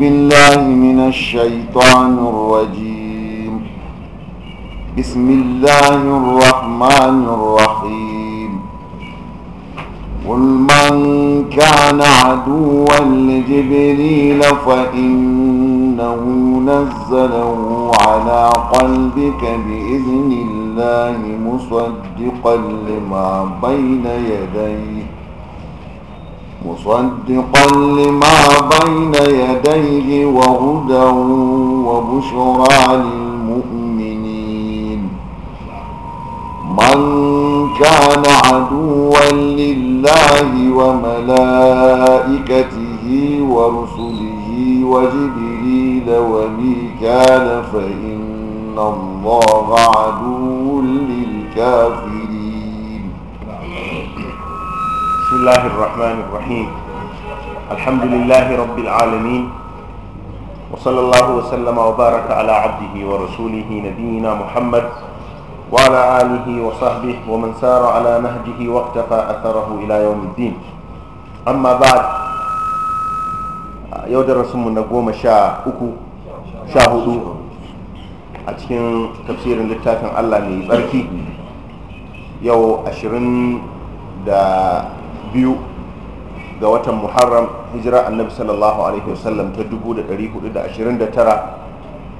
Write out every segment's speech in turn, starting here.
بالله من الشيطان الرجيم بسم الله الرحمن الرحيم قل من كان عدوا لجبريل فإنه نزله على قلبك بإذن الله مصدقا لما بين يديه مصدقا لما بين يديه وهدى وبشرى للمؤمنين من كان عدوا لله وملائكته ورسله وجبريل وميكال فإن الله عدو للكافرين الله الرحمن الرحيم الحمد لله رب العالمين وصلى الله وسلم وبارك على عبده ورسوله نبينا محمد وعلى آله وصحبه ومن سار على نهجه واقتفى أثره إلى يوم الدين أما بعد يودر رسم نقوم شاء أكو شاهدوا أتكن تفسير للتاكن الله لبركي yau ashirin da biyu ga watan muharram hijira annabi sallallahu alaihi wasallam ta 1429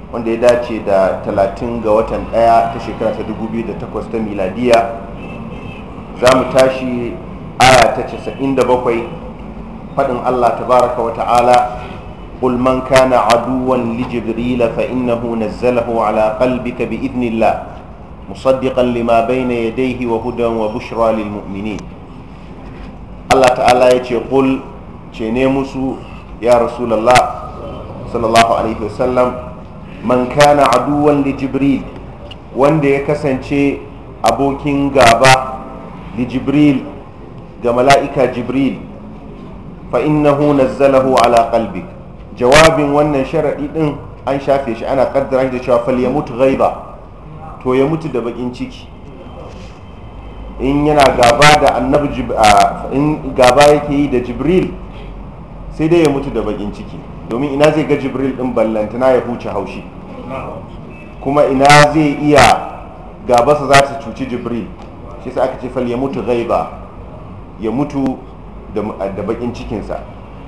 wanda ya dace da 30 ga watan daya ta shekara ta 2008 ta miladiya za mu tashi aya ta 97 faɗin allah tabaraka wa ta'ala قل من كان عدوا لجبريل فإنه نزله على قلبك بإذن الله مصدقا لما بين يديه وهدى وبشرى للمؤمنين Allah ta'ala ya ce qul ce ne musu ya rasulallah sallallahu alaihi wasallam man kana aduwan li jibril wanda ya kasance abokin gaba li jibril ga mala'ika jibril fa innahu nazzalahu ala qalbik jawabin wannan sharaɗi din an shafe shi ana kaddara da cewa fal yamut ghaiba to ya mutu da bakin ciki in yana gaba da annabi in gaba yake yi da jibril sai dai ya mutu da bakin ciki domin ina zai ga jibril din ballantana ya huce haushi kuma ina zai iya Gabasa za ta cuci jibril shi sa aka ce fal ya mutu ghaiba ya mutu da bakin cikinsa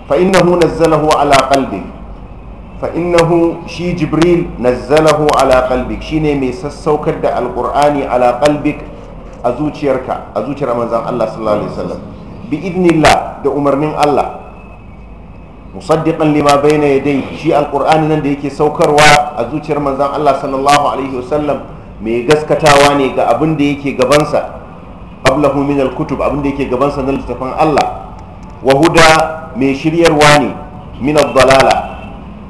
fa innahu nazzalahu ala qalbi fa innahu shi jibril nazzalahu ala qalbi shine mai sassaukar da alqur'ani ala qalbik a zuciyarka a zuciyar manzan Allah sallallahu alaihi wasallam bi idnillah da umarnin Allah musaddiqan lima bayna yaday shi alqur'ani nan da yake saukarwa a zuciyar manzan Allah sallallahu alaihi wasallam mai gaskatawa ne ga abin da yake gabansa qablahu min alkutub abin da yake gabansa na littafin Allah wa huda mai shiryarwa ne min ad-dalala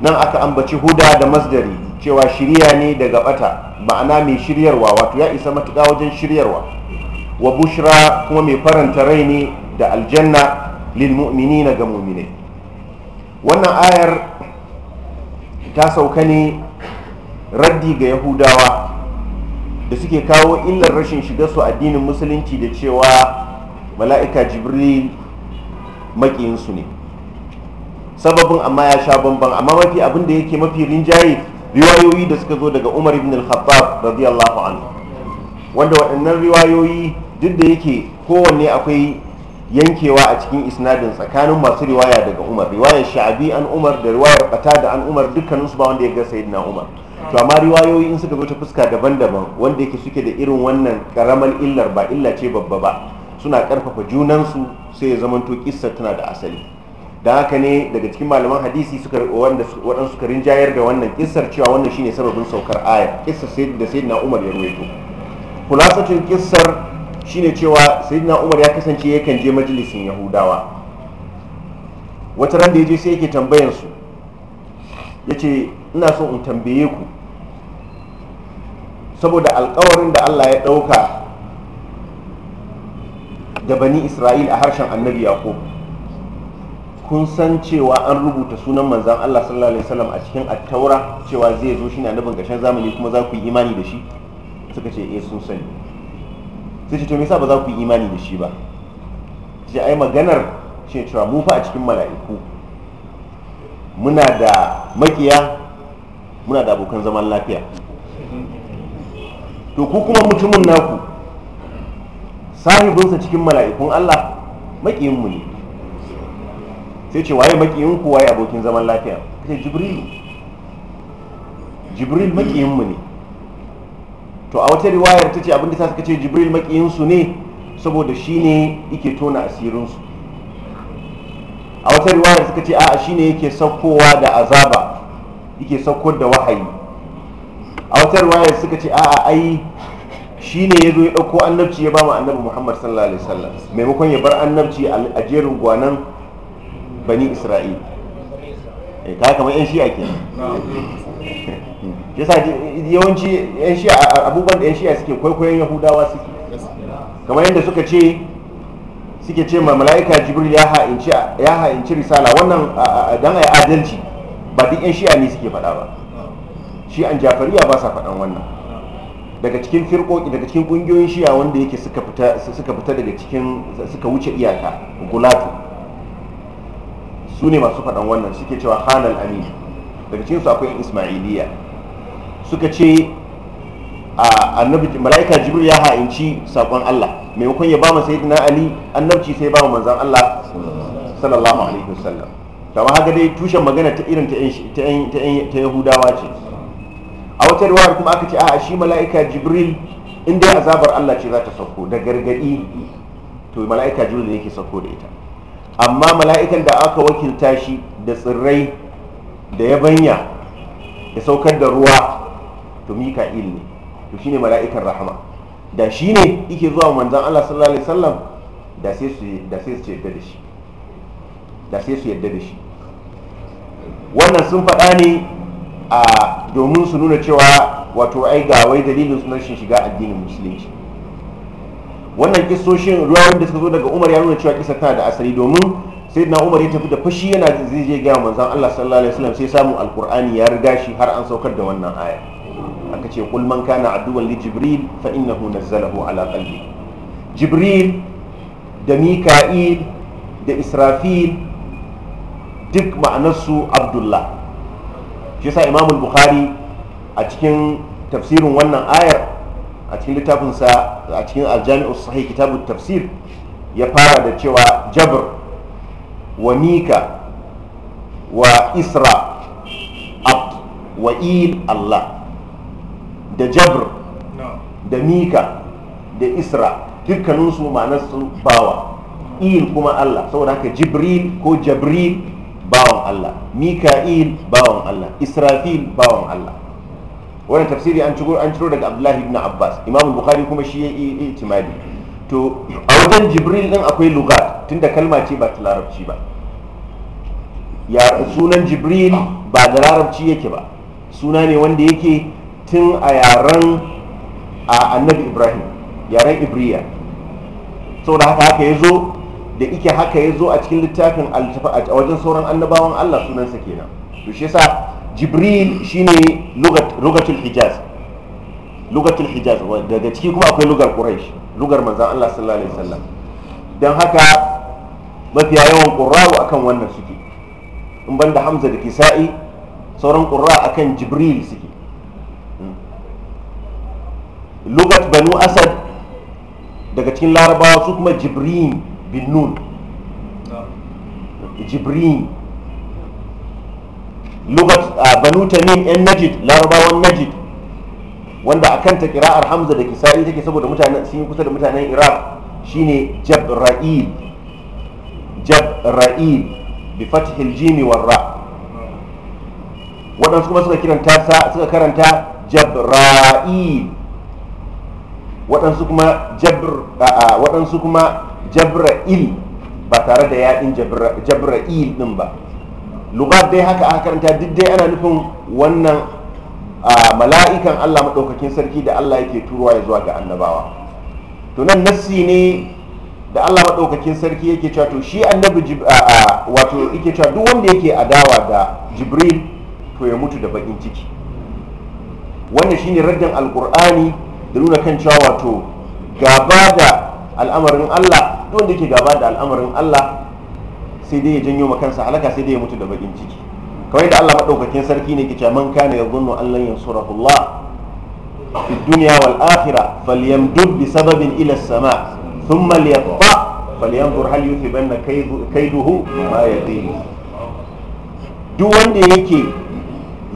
nan aka ambaci huda da masdari cewa shirya ne daga bata ma'ana mai shiryarwa wato ya isa matuƙa wajen shiryarwa wa bushra kuma mai faranta rai ne da aljanna lil na ga mu'minai wannan ayar ta sauka ne raddi ga yahudawa da suke kawo illar rashin shiga su addinin musulunci da cewa mala'ika jibril makiyinsu ne sababin amma ya sha bamban amma mafi abin da yake mafi rinjaye riwayoyi da suka zo daga umar ibn al-khattab radiyallahu anhu wanda waɗannan riwayoyi duk da yake kowanne akwai yankewa a cikin isnadin tsakanin masu riwaya daga umar riwayar sha'abi an umar da riwayar fata da an umar dukkanin su ba wanda ya ga na umar to amma riwayoyi in suka zo ta fuska daban-daban wanda yake suke da irin wannan karamar illar ba illa ce babba ba suna karfafa junansu sai ya zamanto kissa tana da asali don haka ne daga cikin malaman hadisi suka wanda waɗansu suka rinjayar da wannan kissar cewa wannan shine sababin saukar aya kissar da sayyidina umar ya ruwaito khulasatul kissar shine cewa sayyidina umar ya kasance yakan je majalisin yahudawa wata ran da ya je sai yake tambayan su yace ina so in tambaye ku saboda alkawarin da Allah ya ɗauka da bani Isra'il a harshen annabi Yaqub kun san cewa an rubuta sunan manzan Allah sallallahu alaihi wasallam a cikin attaura cewa zai zo shine annabin gashin zamani kuma za ku yi imani da shi suka ce eh sun sani sai ce to me yasa ba za ku yi imani da shi ba sai ai maganar shi cewa mu fa a cikin mala'iku muna da makiya muna da abokan zaman lafiya to ku kuma mutumin naku sahibinsa cikin mala'ikun Allah makiyinmu ne sai ce waye makiyinku ku waye abokin zaman lafiya sai jibril jibril makiyinmu ne to a wata riwayar ta ce abinda ta suka ce jibril makiyinsu ne saboda shi ne yake tona asirinsu a wata riwayar suka ce a'a shi ne yake saukowa da azaba yake saukowar da wahayi a wata riwayar suka ce a'a ai shi ne ya zo ya ɗauko annabci ya ba mu annabi muhammad sallallahu alaihi wasallam maimakon ya bar annabci a jerin gwanan bani isra'il eh ka kamar yan shi'a kenan yasa yawanci yan shi'a abubuwan da yan shi'a suke kwaikwayon yahudawa suke kamar yadda suka ce suke ce ma mala'ika jibril ya ha'inci risala wannan dan yi adalci ba duk yan shi'a ne suke faɗa ba an jafariya ba sa faɗan wannan daga cikin firƙoƙi daga cikin ƙungiyoyin shi'a wanda yake suka fita suka fita daga cikin suka wuce iyaka gulatu su ne masu faɗan wannan suke cewa hanal amin daga cikinsu akwai ismailiyya suka ce annabi mala'ika jibril ya ha'inci sakon Allah maimakon ya ba mu na ali annabci sai ba mu manzon Allah sallallahu alaihi wasallam kamar haka dai tushen magana ta irin ta yahudawa ce a wata ruwa kuma aka ce a shi mala'ika jibril in azabar Allah ce za ta sauko da gargadi to mala'ika jibril ne yake sauko da ita amma mala'ikan da aka wakilta shi da tsirrai da yabanya ya saukar da ruwa to mika'il ne to shine mala'ikan rahama da shi ne yake zuwa manzan Allah sallallahu alaihi wasallam da sai su da sai su yadda da shi da sai su yadda da shi wannan sun faɗa ne a domin su nuna cewa wato ai ga wai dalilin sunan shi shiga addinin musulunci wannan kissoshin ruwa da suka zo daga Umar ya nuna cewa kisa tana da asali domin sai na umar ya tafi da fashi yana zai je gaya manzan allah sallallahu alaihi wasallam sai samu alkur'ani ya riga shi har an saukar da wannan aya aka ce qul man kana addu'an li jibril fa innahu nazzalahu ala qalbi jibril da mika'il da israfil duk ma'anarsu abdullah shi yasa imam bukhari a cikin tafsirin wannan ayar a cikin littafinsa a cikin aljami'us sahih tafsir ya fara da cewa jabr wa mika wa isra abd wa allah da jabr da mika da isra dukkaninsu ma'anarsu bawa il kuma allah saboda haka jibril ko jabril bawan allah mika'il bawan allah israfil bawan allah wannan tafsiri an ciro daga abdullahi ibn abbas imam bukhari kuma shi ya yi itimadi to a wajen jibril din akwai lugat tunda kalma ce ba ta larabci ba ya sunan jibril ba da larabci yake ba suna ne wanda yake tun a yaren a annabi ibrahim yaren ibriya saboda haka haka ya zo da ike haka ya zo a cikin littafin a wajen sauran annabawan allah sunansa kenan to shi yasa jibril shine lugatul hijaz lugatul hijaz daga ciki kuma akwai lugar quraish lugar manzan allah sallallahu alaihi wasallam don haka mafiya yawan qurra'u akan wannan suke in banda hamza da kisa'i sauran qurra akan jibril suke lugat banu asad daga cikin larabawa su kuma jibrin bin nun jibrin lugat banu tamim yan najid larabawan najid wanda a kanta kira'ar hamza da kisari take saboda mutanen sun yi kusa da mutanen iraq shine jabra'il jabra'il bi fathil jimi wa ra waɗansu kuma suka kiranta suka karanta jabra'il waɗansu kuma jabr waɗansu kuma jabra'il ba tare da yaɗin jabra'il ɗin ba lugar dai haka aka karanta duk dai ana nufin wannan mala'ikan allah maɗaukakin sarki da allah yake turuwa ya zuwa ga annabawa to nan nassi ne da allah maɗaukakin sarki yake cewa to shi annabi wato yake cewa duk wanda yake adawa ga jibril to ya mutu da baƙin ciki wannan shine raddin alƙur'ani da nuna kan cewa wato gaba da al'amarin Allah duk wanda yake gaba da al'amarin Allah sai dai ya janyo ma kansa halaka sai dai ya mutu da bakin ciki kawai da Allah madaukakin sarki ne kice man kana yadhunnu an lan yansurahu fi dunya wal akhirah falyamdud bi sababin ila as-sama' thumma liyaqta falyanzur hal yuthibanna kayduhu ma yaqin duk wanda yake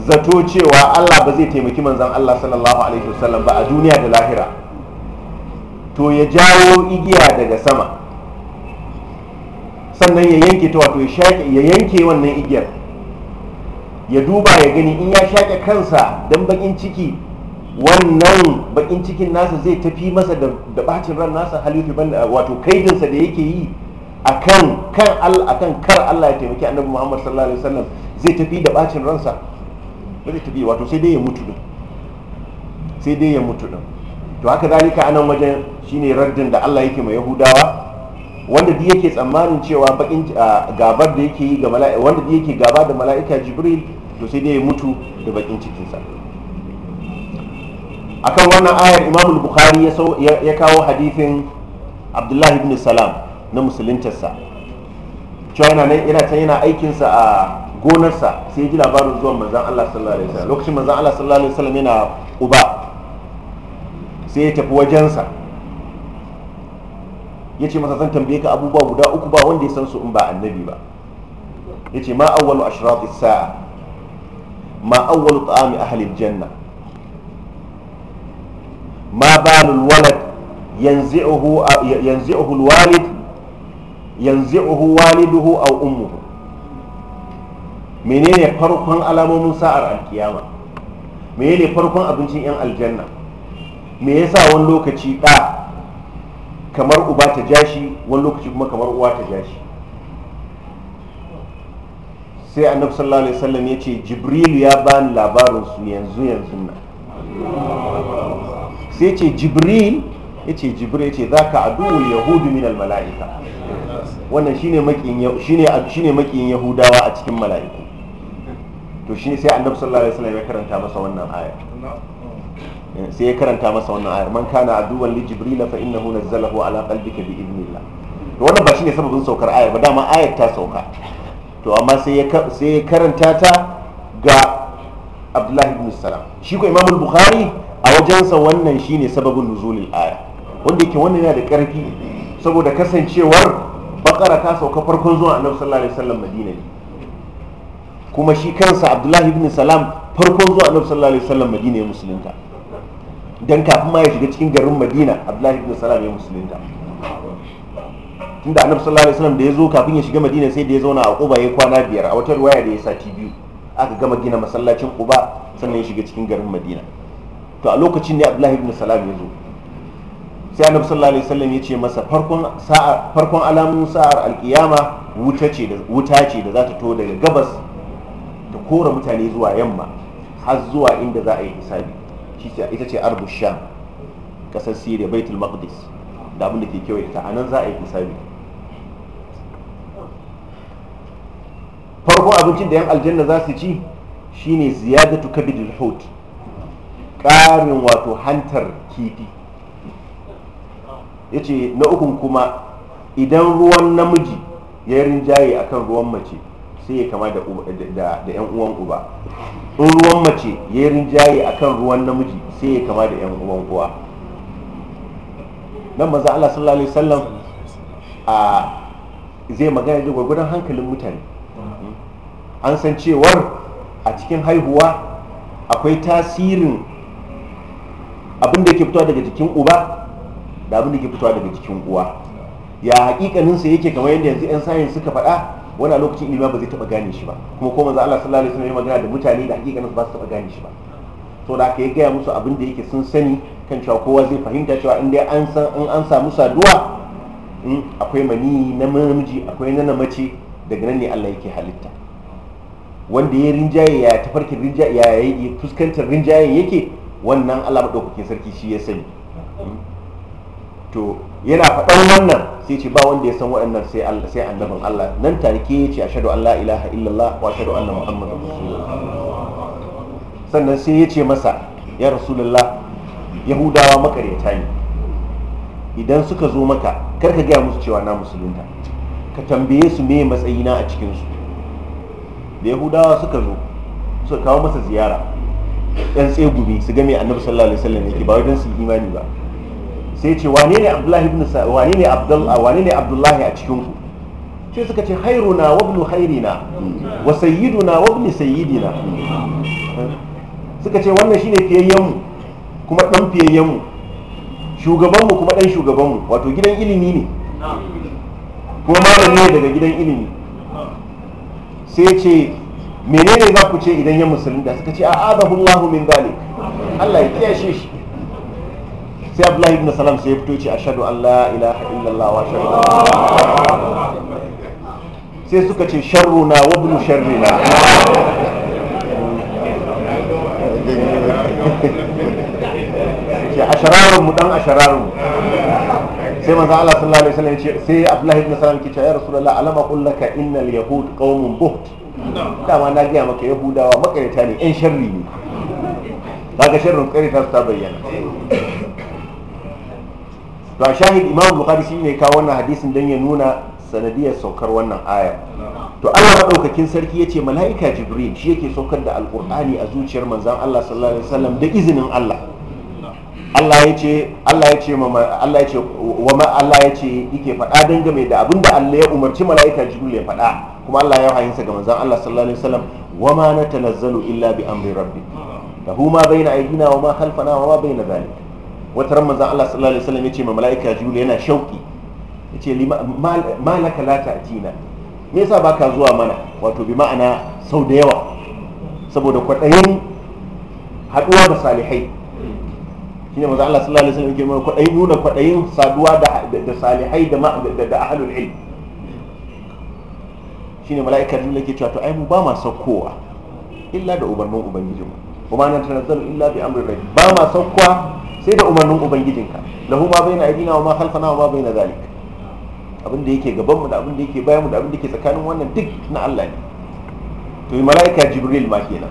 zato cewa Allah ba zai taimaki manzan Allah sallallahu alaihi wasallam ba a duniya da lahira to ya jawo igiya daga sama sannan ya yanke ta wato ya yanke wannan igiyar ya duba ya gani in ya shaƙe kansa don bakin ciki wannan bakin cikin nasa zai tafi masa da bacin ran nasa da wato kaidinsa da yake yi akan kan kar Allah ya taimaki annabi Muhammad sallallahu alaihi wasallam zai tafi da bacin ransa wato sai dai ya mutu din sai dai ya mutu din to haka zalika a nan wajen shine raddin da Allah yake ma Yahudawa wanda duk yake tsammanin cewa bakin gabar da yake yi ga mala'ika wanda duk yake gaba da mala'ika Jibril to sai dai ya mutu da bakin cikinsa akan wannan ayar Imam Bukhari ya kawo hadisin Abdullahi ibn Salam na musuluntarsa cewa yana nan yana aikin yana aikinsa a gonarsa sai ji labarin zuwan manzan Allah sallallahu alaihi wasallam lokacin manzan Allah sallallahu alaihi wasallam yana uba sai ya tafi wajensa ya ce masa zan tambaye ka abubuwa guda uku ba wanda ya san su in ba annabi ba ya ce ma awwalu ashrati sa'a ma awwalu ta'ami ahli janna ma balu alwalad yanzi'uhu yanzi'uhu alwalid yanzi'uhu waliduhu aw ummuhu menene farkon alamomin sa'ar alkiyama menene farkon abincin yan aljanna me yasa wani lokaci da kamar uba ta jashi wani lokaci kuma kamar uwa ta jashi sai annabi sallallahu alaihi wasallam ya ce jibrilu ya bani labarin su yanzu yanzu nan sai ce jibril ya ce jibril ya ce za ka adu yahudu min mala'ika wannan shine makiyin yahudawa a cikin mala'iku to shi sai annabi sallallahu alaihi wasallam ya karanta masa wannan aya sai ya karanta masa wannan aya man kana aduwan li jibril fa innahu nazzalahu ala qalbika bi idnillah to wannan ba shine sababin saukar ayar ba dama ayar ta sauka to amma sai ya sai ya karanta ta ga Abdullahi ibn Salam shi ko imamu Bukhari a wajensa wannan shine sababin nuzulil aya wanda yake wannan yana da karfi saboda kasancewar bakara ta sauka farkon zuwa annabi sallallahu alaihi wasallam madina ne kuma shi kansa abdullahi ibn salam farkon zuwa annabi sallallahu alaihi wasallam madina ya musulunta dan kafin ma ya shiga cikin garin madina abdullahi ibn salam ya musulunta tunda annabi sallallahu alaihi wasallam da ya zo kafin ya shiga madina sai da ya zauna a quba ya kwana biyar a wata riwaya da ya sati biyu aka gama gina masallacin quba sannan ya shiga cikin garin madina to a lokacin ne abdullahi ibn salam ya zo sai annabi sallallahu alaihi wasallam ya ce masa farkon sa'ar farkon alamun sa'ar alkiyama wuta ce da wuta ce da za ta to daga gabas ta kora mutane zuwa yamma har zuwa inda za a yi hisabi ita ce arbu sham kasar siriya baitul maqdis da abin da ke kewaye ta anan za a yi hisabi farko abincin da yan aljanna za su ci shine ziyadatu kabidul hut ƙarin wato hantar kifi yace na ukun kuma idan ruwan namiji ya rinjaye akan ruwan mace sai ya kama da yan uwan uba in ruwan mace ya yi rinjaye a kan ruwan namiji sai ya kama da yan uwan uwa nan maza Allah sallallahu alaihi wasallam a zai magana da gwagwadon hankalin mutane an san cewar a cikin haihuwa akwai tasirin abin da ke fitowa daga jikin uba da abin da ke fitowa daga jikin uwa ya hakikaninsa yake kamar yadda yanzu 'yan sayin suka faɗa wani lokacin ilimi ba zai taba gane shi ba kuma ko manzo Allah sallallahu alaihi wasallam ya magana da mutane da hakikanin ba su taba gane shi ba to da aka ya gaya musu abin da yake sun sani kan cewa kowa zai fahimta cewa in dai an san in an samu saduwa in akwai mani na namiji akwai na mace daga nan ne Allah yake halitta wanda ya rinjaye ya tafarkin rinjaye ya yi fuskantar rinjayen yake wannan Allah madaukakin sarki shi ya sani hmm? to yana faɗan wannan sai ce ba wanda ya san waɗannan sai Allah sai annabin Allah nan take ya ce ashhadu an la ilaha illallah wa ashhadu anna muhammadar rasulullah sannan sai ya ce masa ya rasulullah yahudawa makaryata ne idan suka zo maka kar ka gaya musu cewa na musulunta ka tambaye su me matsayina a cikin su da yahudawa suka zo suka kawo masa ziyara ɗan tsegumi su game a annabi sallallahu alaihi wasallam yake ba wajen su imani ba sai ce wane ne abdullahi ibn wane ne abdullahi wane ne abdullahi a cikin ku sai suka ce hairu na wabnu hairi na wa na wabni sayidi na suka ce wannan shine fiyayyen mu kuma dan fiyayyen mu shugaban mu kuma dan shugaban mu wato gidan ilimi ne kuma malam ne daga gidan ilimi sai ce menene za ku ce idan ya musulunta suka ce a'adahu Allahu min zalik Allah ya kiyashe shi sai abdullahi ibn salam sai ya fito ce ashhadu an la ilaha illallah wa ashhadu anna sai suka ce sharruna wa ibn sharrina ce ashararun mu dan ashararun sai manzo Allah sallallahu alaihi wasallam ce sai Abdullahi ibn Salam ke ce ya Rasulullah alama qul laka innal yahud qaumun buht dama na gaya maka yahudawa makareta ne yan sharri ne kaga sharrin karita ta bayyana to shahid imam bukhari shine kawo wannan hadisin dan ya nuna sanadiyar saukar wannan aya to Allah maɗaukakin sarki ya ce malaika jibril shi yake saukar da alƙur'ani a zuciyar manzan Allah sallallahu alaihi wasallam da izinin Allah Allah ce Allah ce Allah yace wa ma Allah ce yake faɗa dangane da abinda Allah ya umarci malaika jibril ya faɗa kuma Allah ya hayinsa ga manzan Allah sallallahu alaihi wasallam wa ma natanazzalu illa bi amri rabbi lahu huma bayna aydina wa ma khalfana wa ma baina dhalika wata ran manzon Allah sallallahu alaihi wasallam yace ma malaika jibril yana shauki yace malaka la ta'tina me yasa baka zuwa mana wato bi ma'ana sau da yawa saboda kwadayin haduwa da salihai shine manzon Allah sallallahu alaihi wasallam yake mana kwadayin nuna kwadayin saduwa da da salihai da ma da ahlul ilm shine malaika jibril yake cewa to ai mu ba ma saukowa illa da ubannin ubangijinmu kuma na tanazzalu illa bi amri rabbi ba ma saukowa sai da umarnin ubangijinka lahu ma baina aidina wa ma khalfana wa ma baina zalik abin da yake gaban mu da abin da yake bayan mu da abin da yake tsakanin wannan duk na Allah ne to malaika jibril ma kenan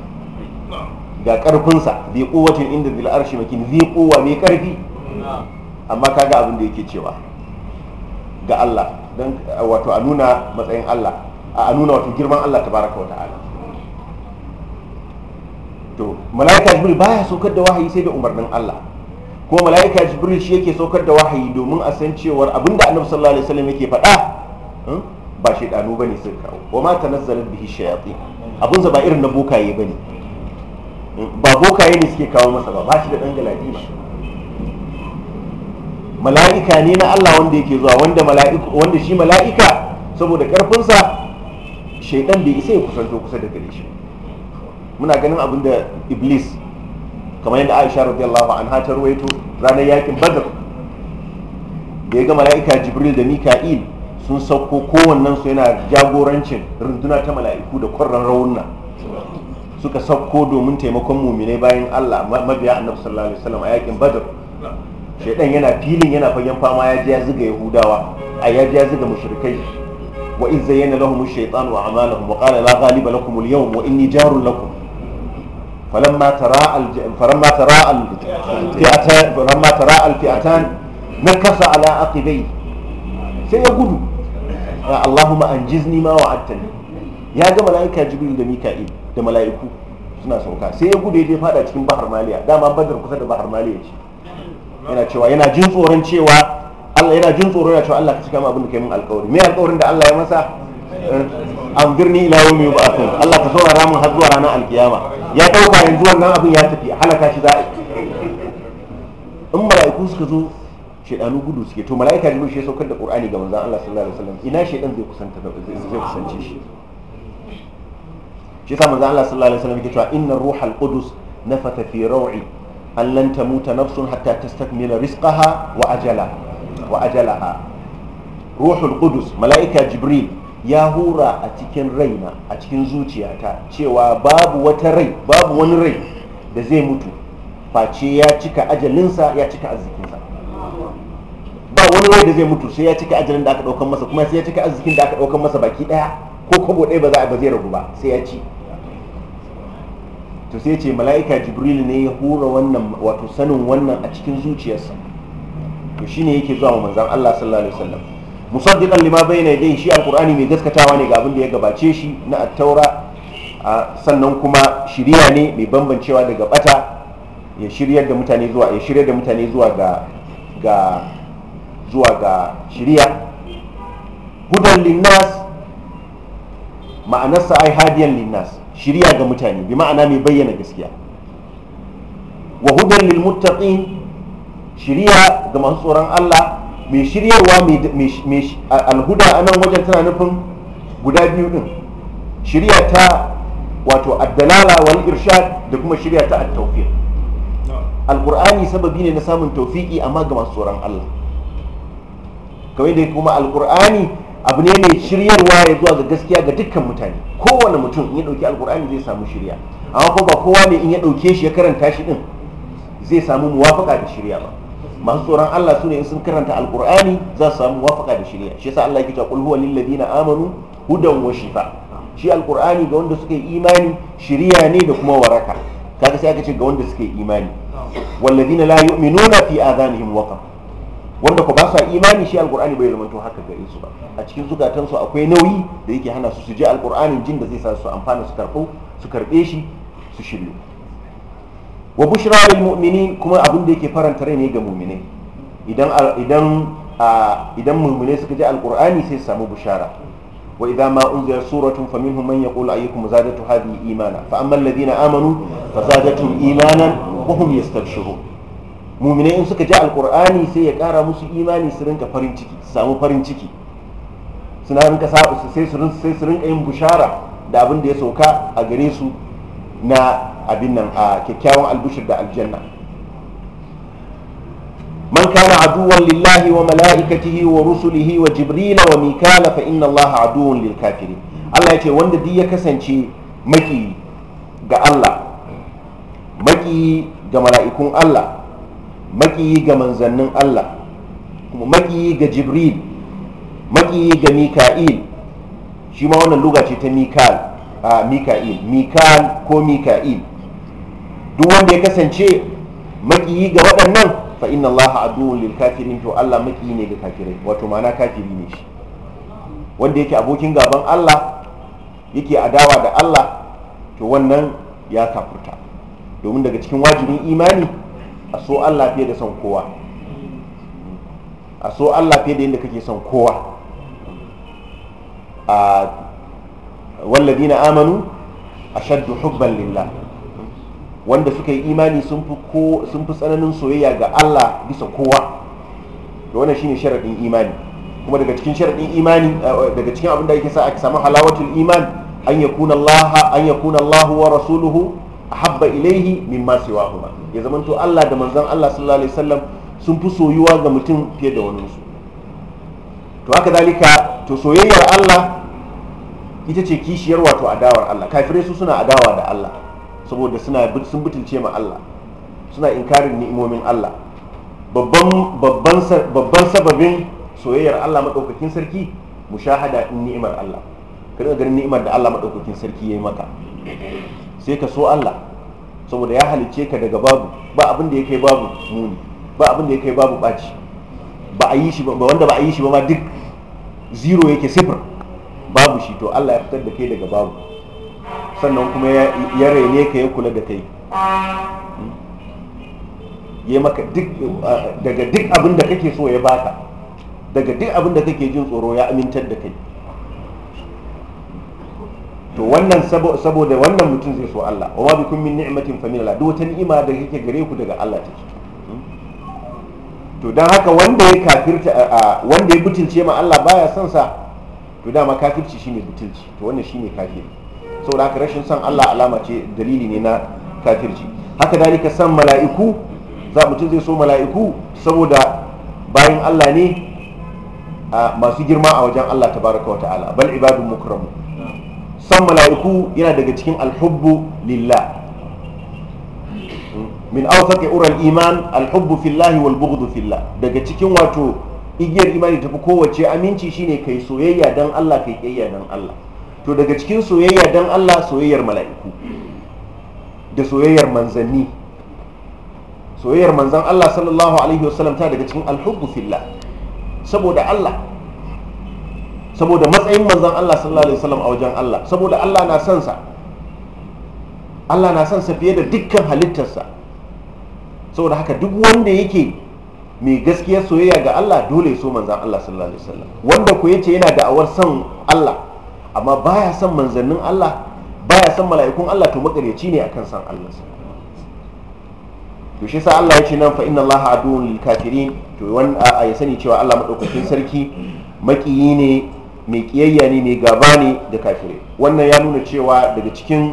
ga karfinsa bi quwwatin inda bil arshi makin zai quwwa mai karfi amma kaga abin da yake cewa ga Allah dan wato a nuna matsayin Allah a nuna wato girman Allah tabaraka wa ta'ala to malaika jibril baya sokar da wahayi sai da umarnin Allah ko mala'ika jibril shi yake saukar da wahayi domin a san cewar abinda annabi sallallahu alaihi wasallam yake faɗa hmm, ba shi ba ne sun kawo wa ma tanazzalat bihi shayatin abun sa ba irin na bokaye ba ne, hmm, ba bokaye ne suke kawo masa ba ba shi da ɗan galadi ba mala'ika ne na Allah wanda yake zuwa wanda mala'ika wanda shi mala'ika saboda karfin sa shaidan bai isa ya kusanto kusa da gare shi muna ganin abinda iblis kamar yadda aisha radiyallahu anha ta ruwaito ranar yakin badr da ya ga mala'ika jibril da mika'il sun sauko kowannen su yana jagorancin runduna ta mala'iku da kwarran raunna suka sauko domin taimakon muminai bayan allah mabiya annabi sallallahu alaihi wasallam a yakin badar shaidan yana filin yana fagen fama ya ji ya zuga yahudawa a ya ji ya zuga mushrikai wa iz zayyana lahum ash-shaytanu a'malahum wa qala la ghaliba lakum al-yawm wa inni lakum فلما تراءى الج... فلما تراءى الفئتان فلما تراءى الفئتان ya على عقبيه سيقول اللهم انجزني ما وعدتني يا جماعه ملائكه جبريل ده ميكائيل ده ملائكه suna sauka sai ya gudu ya je fada cikin bahar maliya dama badar kusa da bahar maliya ce yana cewa yana jin tsoron cewa Allah yana jin tsoron yana cewa Allah ka cika min abin da kai min alƙawari me alƙawarin da Allah ya masa an birni ila yawmi yub'athun Allah ka saurara mun har zuwa ranar alkiyama ya ɗauka yanzu wannan abin ya tafi halaka shi za a in mala'iku suka zo shaidanu gudu suke to mala'ika jibril shi ya saukar da qur'ani ga manzon Allah sallallahu alaihi wasallam ina shaidan zai kusanta zai kusance shi shi sa manzon Allah sallallahu alaihi wasallam yake cewa inna ruhal qudus nafata fi raw'i an lan tamuta nafsun hatta tastakmila rizqaha wa ajala wa ajalaha ruhul qudus mala'ika jibril ya hura a cikin raina a cikin zuciyata cewa babu wata rai babu wani rai da zai mutu face ya cika ajalinsa ya cika arzikinsa ba wani rai da zai mutu sai ya cika ajalin da aka ɗaukan masa kuma sai ya cika arzikin da aka ɗaukan masa baki ɗaya ko kobo ɗaya ba za a ba zai ragu ba sai ya ci to sai ce mala'ika jibril ne ya hura wannan wato sanin wannan a cikin zuciyarsa to shine yake zuwa manzon Allah sallallahu alaihi wasallam musaddiqan lima bayna yadayhi shi alqur'ani mai gaskatawa ne ga abin da ya gabace shi na attaura sannan kuma shiriya ne mai bambancewa daga bata ya shiryar da mutane zuwa ya shiryar da mutane zuwa ga ga zuwa ga shiriya hudan linnas ma'anarsa ai hadiyan linnas shiriya ga mutane bi ma'ana mai bayyana gaskiya wa hudan lil muttaqin shiriya ga masu tsoron Allah mai shiryarwa mai alhuda a nan wajen tana nufin guda biyu din shirya ta wato addalala wal irshad da kuma shirya ta at-tawfiq alqur'ani sababi ne na samun taufiƙi amma ga masu tsoron Allah kawai da kuma alqur'ani abu ne mai shiryarwa ya zuwa ga gaskiya ga dukkan mutane kowane mutum in ya dauki alkur'ani zai samu shirya amma ko ba kowa ne in ya dauke shi ya karanta shi din zai samu muwafaka da shirya ba masu tsoron Allah su ne sun karanta alkur'ani za su samu wafaka da shirya shi yasa Allah ya kita qul huwa lil amanu hudan wa shifa shi alkur'ani ga wanda suka yi imani shiriya ne da kuma waraka kaga sai aka ce ga wanda suka yi imani wal ladina la yu'minuna fi adanihim waqar wanda ku ba sa imani shi alkur'ani bai zama haka ga su ba a cikin zukatansu akwai nauyi da yake hana su su je alkur'anin jin da zai sa su amfana su karɓo su karɓe shi su shiryu wa bushra lil mu'minin kuma abin da yake faranta rai ne ga mu'minai idan idan idan mu'minai suka ji alqur'ani sai su samu bushara wa idza ma unzila suratun faminhum man yaqulu ayyukum zadatu hadhihi imana fa amma alladhina amanu fazadatuhum imanan wa hum yastabshirun mu'minai in suka ji alqur'ani sai ya kara musu imani su rinka farin ciki su samu farin ciki suna rinka sai su rinka yin bushara da abin da ya sauka a gare su na abin nan a kyakkyawan albushir da aljanna man kana aduwan lillahi wa mala'ikatihi wa rusulihi wa jibrila wa mikala fa inna allah aduwan lil kafirin Allah ya ce wanda duk ya kasance maki ga Allah maki ga mala'ikun Allah maki ga manzannin Allah kuma maki ga jibril maki ga mika'il shi ma wannan luga ta mika'il a mika'il mikal ko mika'il duk wanda ya kasance makiyi ga waɗannan fa inna allaha aduwwun lil kafirin to Allah makiyi ne ga kafirai wato ma'ana kafiri ne shi wanda yake abokin gaban Allah yake adawa da Allah to wannan ya kafurta domin daga cikin wajibin imani a so Allah fiye da son kowa a so Allah fiye da yadda kake son kowa a na amanu ashaddu hubban lillah wanda suka yi imani sun fi tsananin soyayya ga Allah bisa kowa da wannan shine sharadin imani kuma daga cikin sharadin imani eh, daga cikin abin da yake sa aka samu halawatul iman an yakuna Allah an yakuna Allah wa rasuluhu ahabba ilaihi mimma siwahuma ya zamanto Allah da manzon Allah sallallahu alaihi wasallam sun fi soyuwa ga mutum fiye da wani su to haka dalika to soyayyar Allah ita ce kishiyar wato adawar Allah kafirai su suna adawa da Allah saboda suna sun butulce ma Allah suna inkarin ni'imomin Allah babban babban babban sababin soyayyar Allah madaukakin sarki mushahada in ni'imar Allah ka riga ganin ni'imar da Allah madaukakin sarki yayi maka sai ka so Allah saboda ya halicce ka daga babu ba abin da ya kai babu muni ba abin da ya kai babu baci ba a yi shi ba wanda ba a yi shi ba ma duk zero yake sifir babu shi to Allah ya fitar da kai daga babu sannan kuma ya raine ka ya kula da kai ya maka daga duk abin da kake so ya baka daga duk abin da kake jin tsoro ya amintar da kai to wannan saboda wannan mutum zai so Allah wa kun min ni'matin fa min Allah duk wata ni'ima da kake gare ku daga Allah ta ce. to dan haka wanda ya kafirta wanda ya butulce ma Allah baya son sa to dama kafirci shine butulci to wannan shine kafiri saboda haka rashin son Allah alama ce dalili ne na kafirci haka da ka san mala'iku za mutum zai so mala'iku saboda bayan Allah ne masu girma a wajen Allah tabaraka wa ta'ala bal ibadun mukramu san mala'iku yana daga cikin alhubbu lillah min awsaqi ural iman alhubbu fillahi wal bughdu fillah daga cikin wato igiyar imani tafi kowace aminci shine kai soyayya dan Allah kai kiyayya dan Allah to daga cikin soyayya don Allah soyayyar mala'iku da soyayyar manzanni soyayyar manzan Allah sallallahu alaihi wasallam ta daga cikin alhubbu filla, saboda Allah saboda matsayin manzan Allah sallallahu alaihi wasallam a wajen Allah saboda Allah na son sa Allah na son sa fiye da dukkan halittarsa saboda haka duk wanda yake mai gaskiyar soyayya ga Allah dole so manzan Allah sallallahu alaihi wasallam wanda ku yace yana da'awar son Allah amma baya son manzannin Allah baya son mala'ikun Allah to makaryaci ne akan san Allah to shi sa Allah ya ce nan fa inna Allah aduwwun lil kafirin to wani a ya sani cewa Allah madaukakin sarki makiyi ne mai kiyayya ne mai gaba ne da kafire wannan ya nuna cewa daga cikin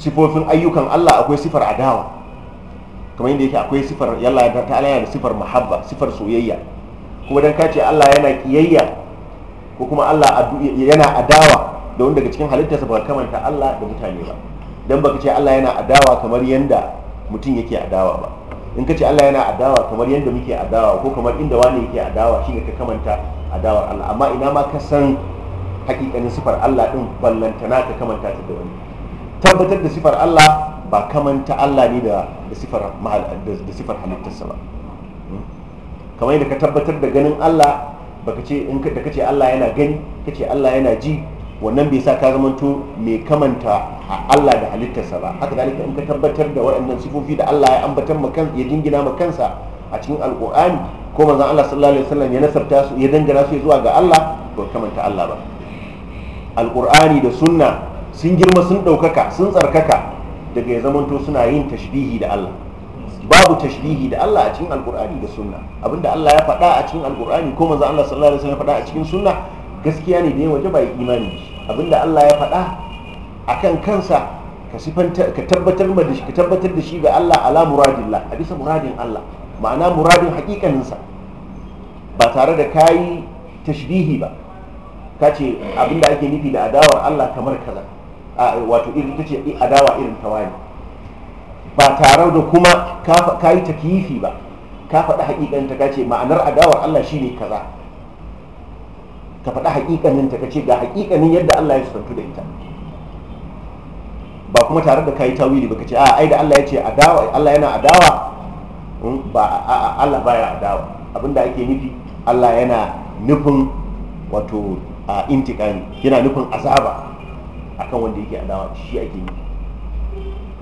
sifofin ayyukan Allah akwai sifar adawa kamar yadda yake akwai sifar yalla ta da sifar mahabba sifar soyayya kuma dan kace Allah yana kiyayya ko kuma Allah yana adawa da wanda daga cikin halittarsa ba kamanta Allah da mutane ba dan baka ce Allah yana adawa kamar yanda mutum yake adawa ba in ka ce Allah yana adawa kamar yanda muke adawa ko kamar inda wani yake adawa shine ka kamanta adawar Allah amma ina ma ka san hakikanin sifar Allah din ballantana ka kamanta ta da wani tabbatar da sifar Allah ba kamanta Allah ne da sifar da sifar halittarsa ba hmm? kamar yadda ka tabbatar da ganin Allah baka ce in ka kace Allah yana gani kace Allah yana ji wannan bai sa ka zamanto mai kamanta Allah da halittarsa ba haka zalika in ka tabbatar da waɗannan sifofi da Allah ya ambatan ya jingina ma kansa a cikin alqur'ani ko manzon Allah sallallahu alaihi wasallam ya nasarta su ya dangana su zuwa ga Allah ba kamanta Allah ba alqur'ani da sunna sun girma sun ɗaukaka sun tsarkaka daga ya zamanto suna yin tashbihi da Allah babu tashbihi da Allah a cikin alkur'ani da sunna abinda Allah ya faɗa a cikin alkur'ani ko manzo Allah sallallahu alaihi wasallam ya faɗa a cikin sunna gaskiya ne da ya waje ba imani abinda Allah ya faɗa akan kansa ka sifanta ka tabbatar da shi ka tabbatar da shi ga Allah ala muradillah a bisa muradin Allah ma'ana muradin hakikaninsa ba tare da kayi tashbihi ba ka ce abinda ake nufi da adawar Allah kamar kaza wato irin ta ce adawa irin tawani ba tare da kuma ka yi takifi ba ka faɗi haƙiƙaninta ka ce ma'anar adawar Allah shi ne kaza ka faɗi haƙiƙaninta ka ce ga haƙiƙanin yadda Allah ya sufantu da ita ba kuma tare da ka yi tawili ba kace a ai da Allah ya ce adawa Allah yana adawa hmm, ba Allah baya adawa abinda ake nufi Allah yana nufin wato a intikami yana nufin azaba akan wanda yake adawa shi ake nufi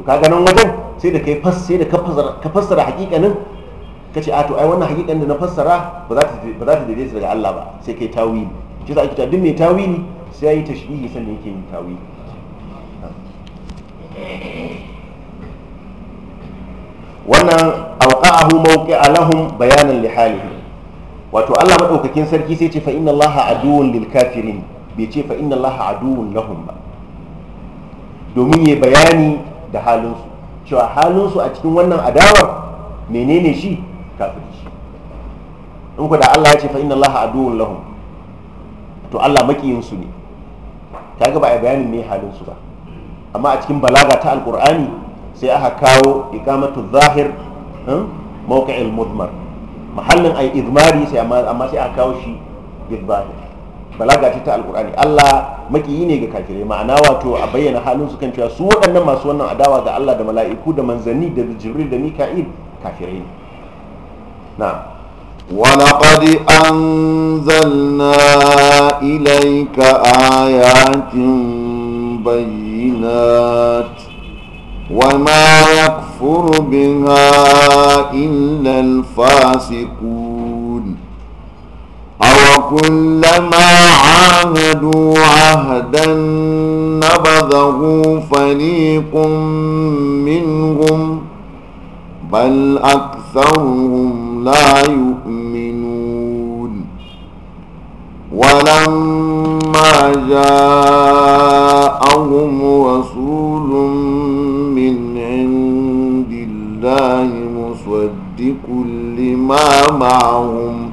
kaga nan wajen sai da kai fas sai da ka fassara hakikanin ka ce a to ai wannan hakikanin da na fassara ba za ta ba za ta daidaita daga Allah ba sai kai tawili shi za a kita duk mai tawili sai yayi tashbihi sannan yake yin tawili wannan awqa'ahu mawqi'a lahum bayanan li halihi wato Allah madaukakin sarki sai ce fa inna Allaha aduwwun lil kafirin bai ce fa inna Allaha aduwwun lahum ba domin ya bayani da halinsu cewa halinsu a cikin wannan adawar menene shi kafin shi in ku da Allah ya ce fa inna Allah aduwun lahum to Allah makiyinsu ne ta gaba a bayanin ne halinsu ba amma a cikin balaga ta alkur'ani sai aka kawo iqamatu zahir hmm, mawqi'il mudmar mahallin ay idmari sai amma sai aka kawo shi bil zahir balaga ce ta alkur'ani Allah makiyi ne ga kafirai ma'ana wato a bayyana halin su kan cewa su waɗannan masu wannan adawa ga Allah da mala'iku da manzanni da jibril da mika'il kafirai ne na ولقد أنزلنا إليك آيات بينات وما يكفر بها إلا الفاسقون وكلما عاهدوا عهدا نبذه فريق منهم بل أكثرهم لا يؤمنون ولما جاءهم رسول من عند الله مصدق لما معهم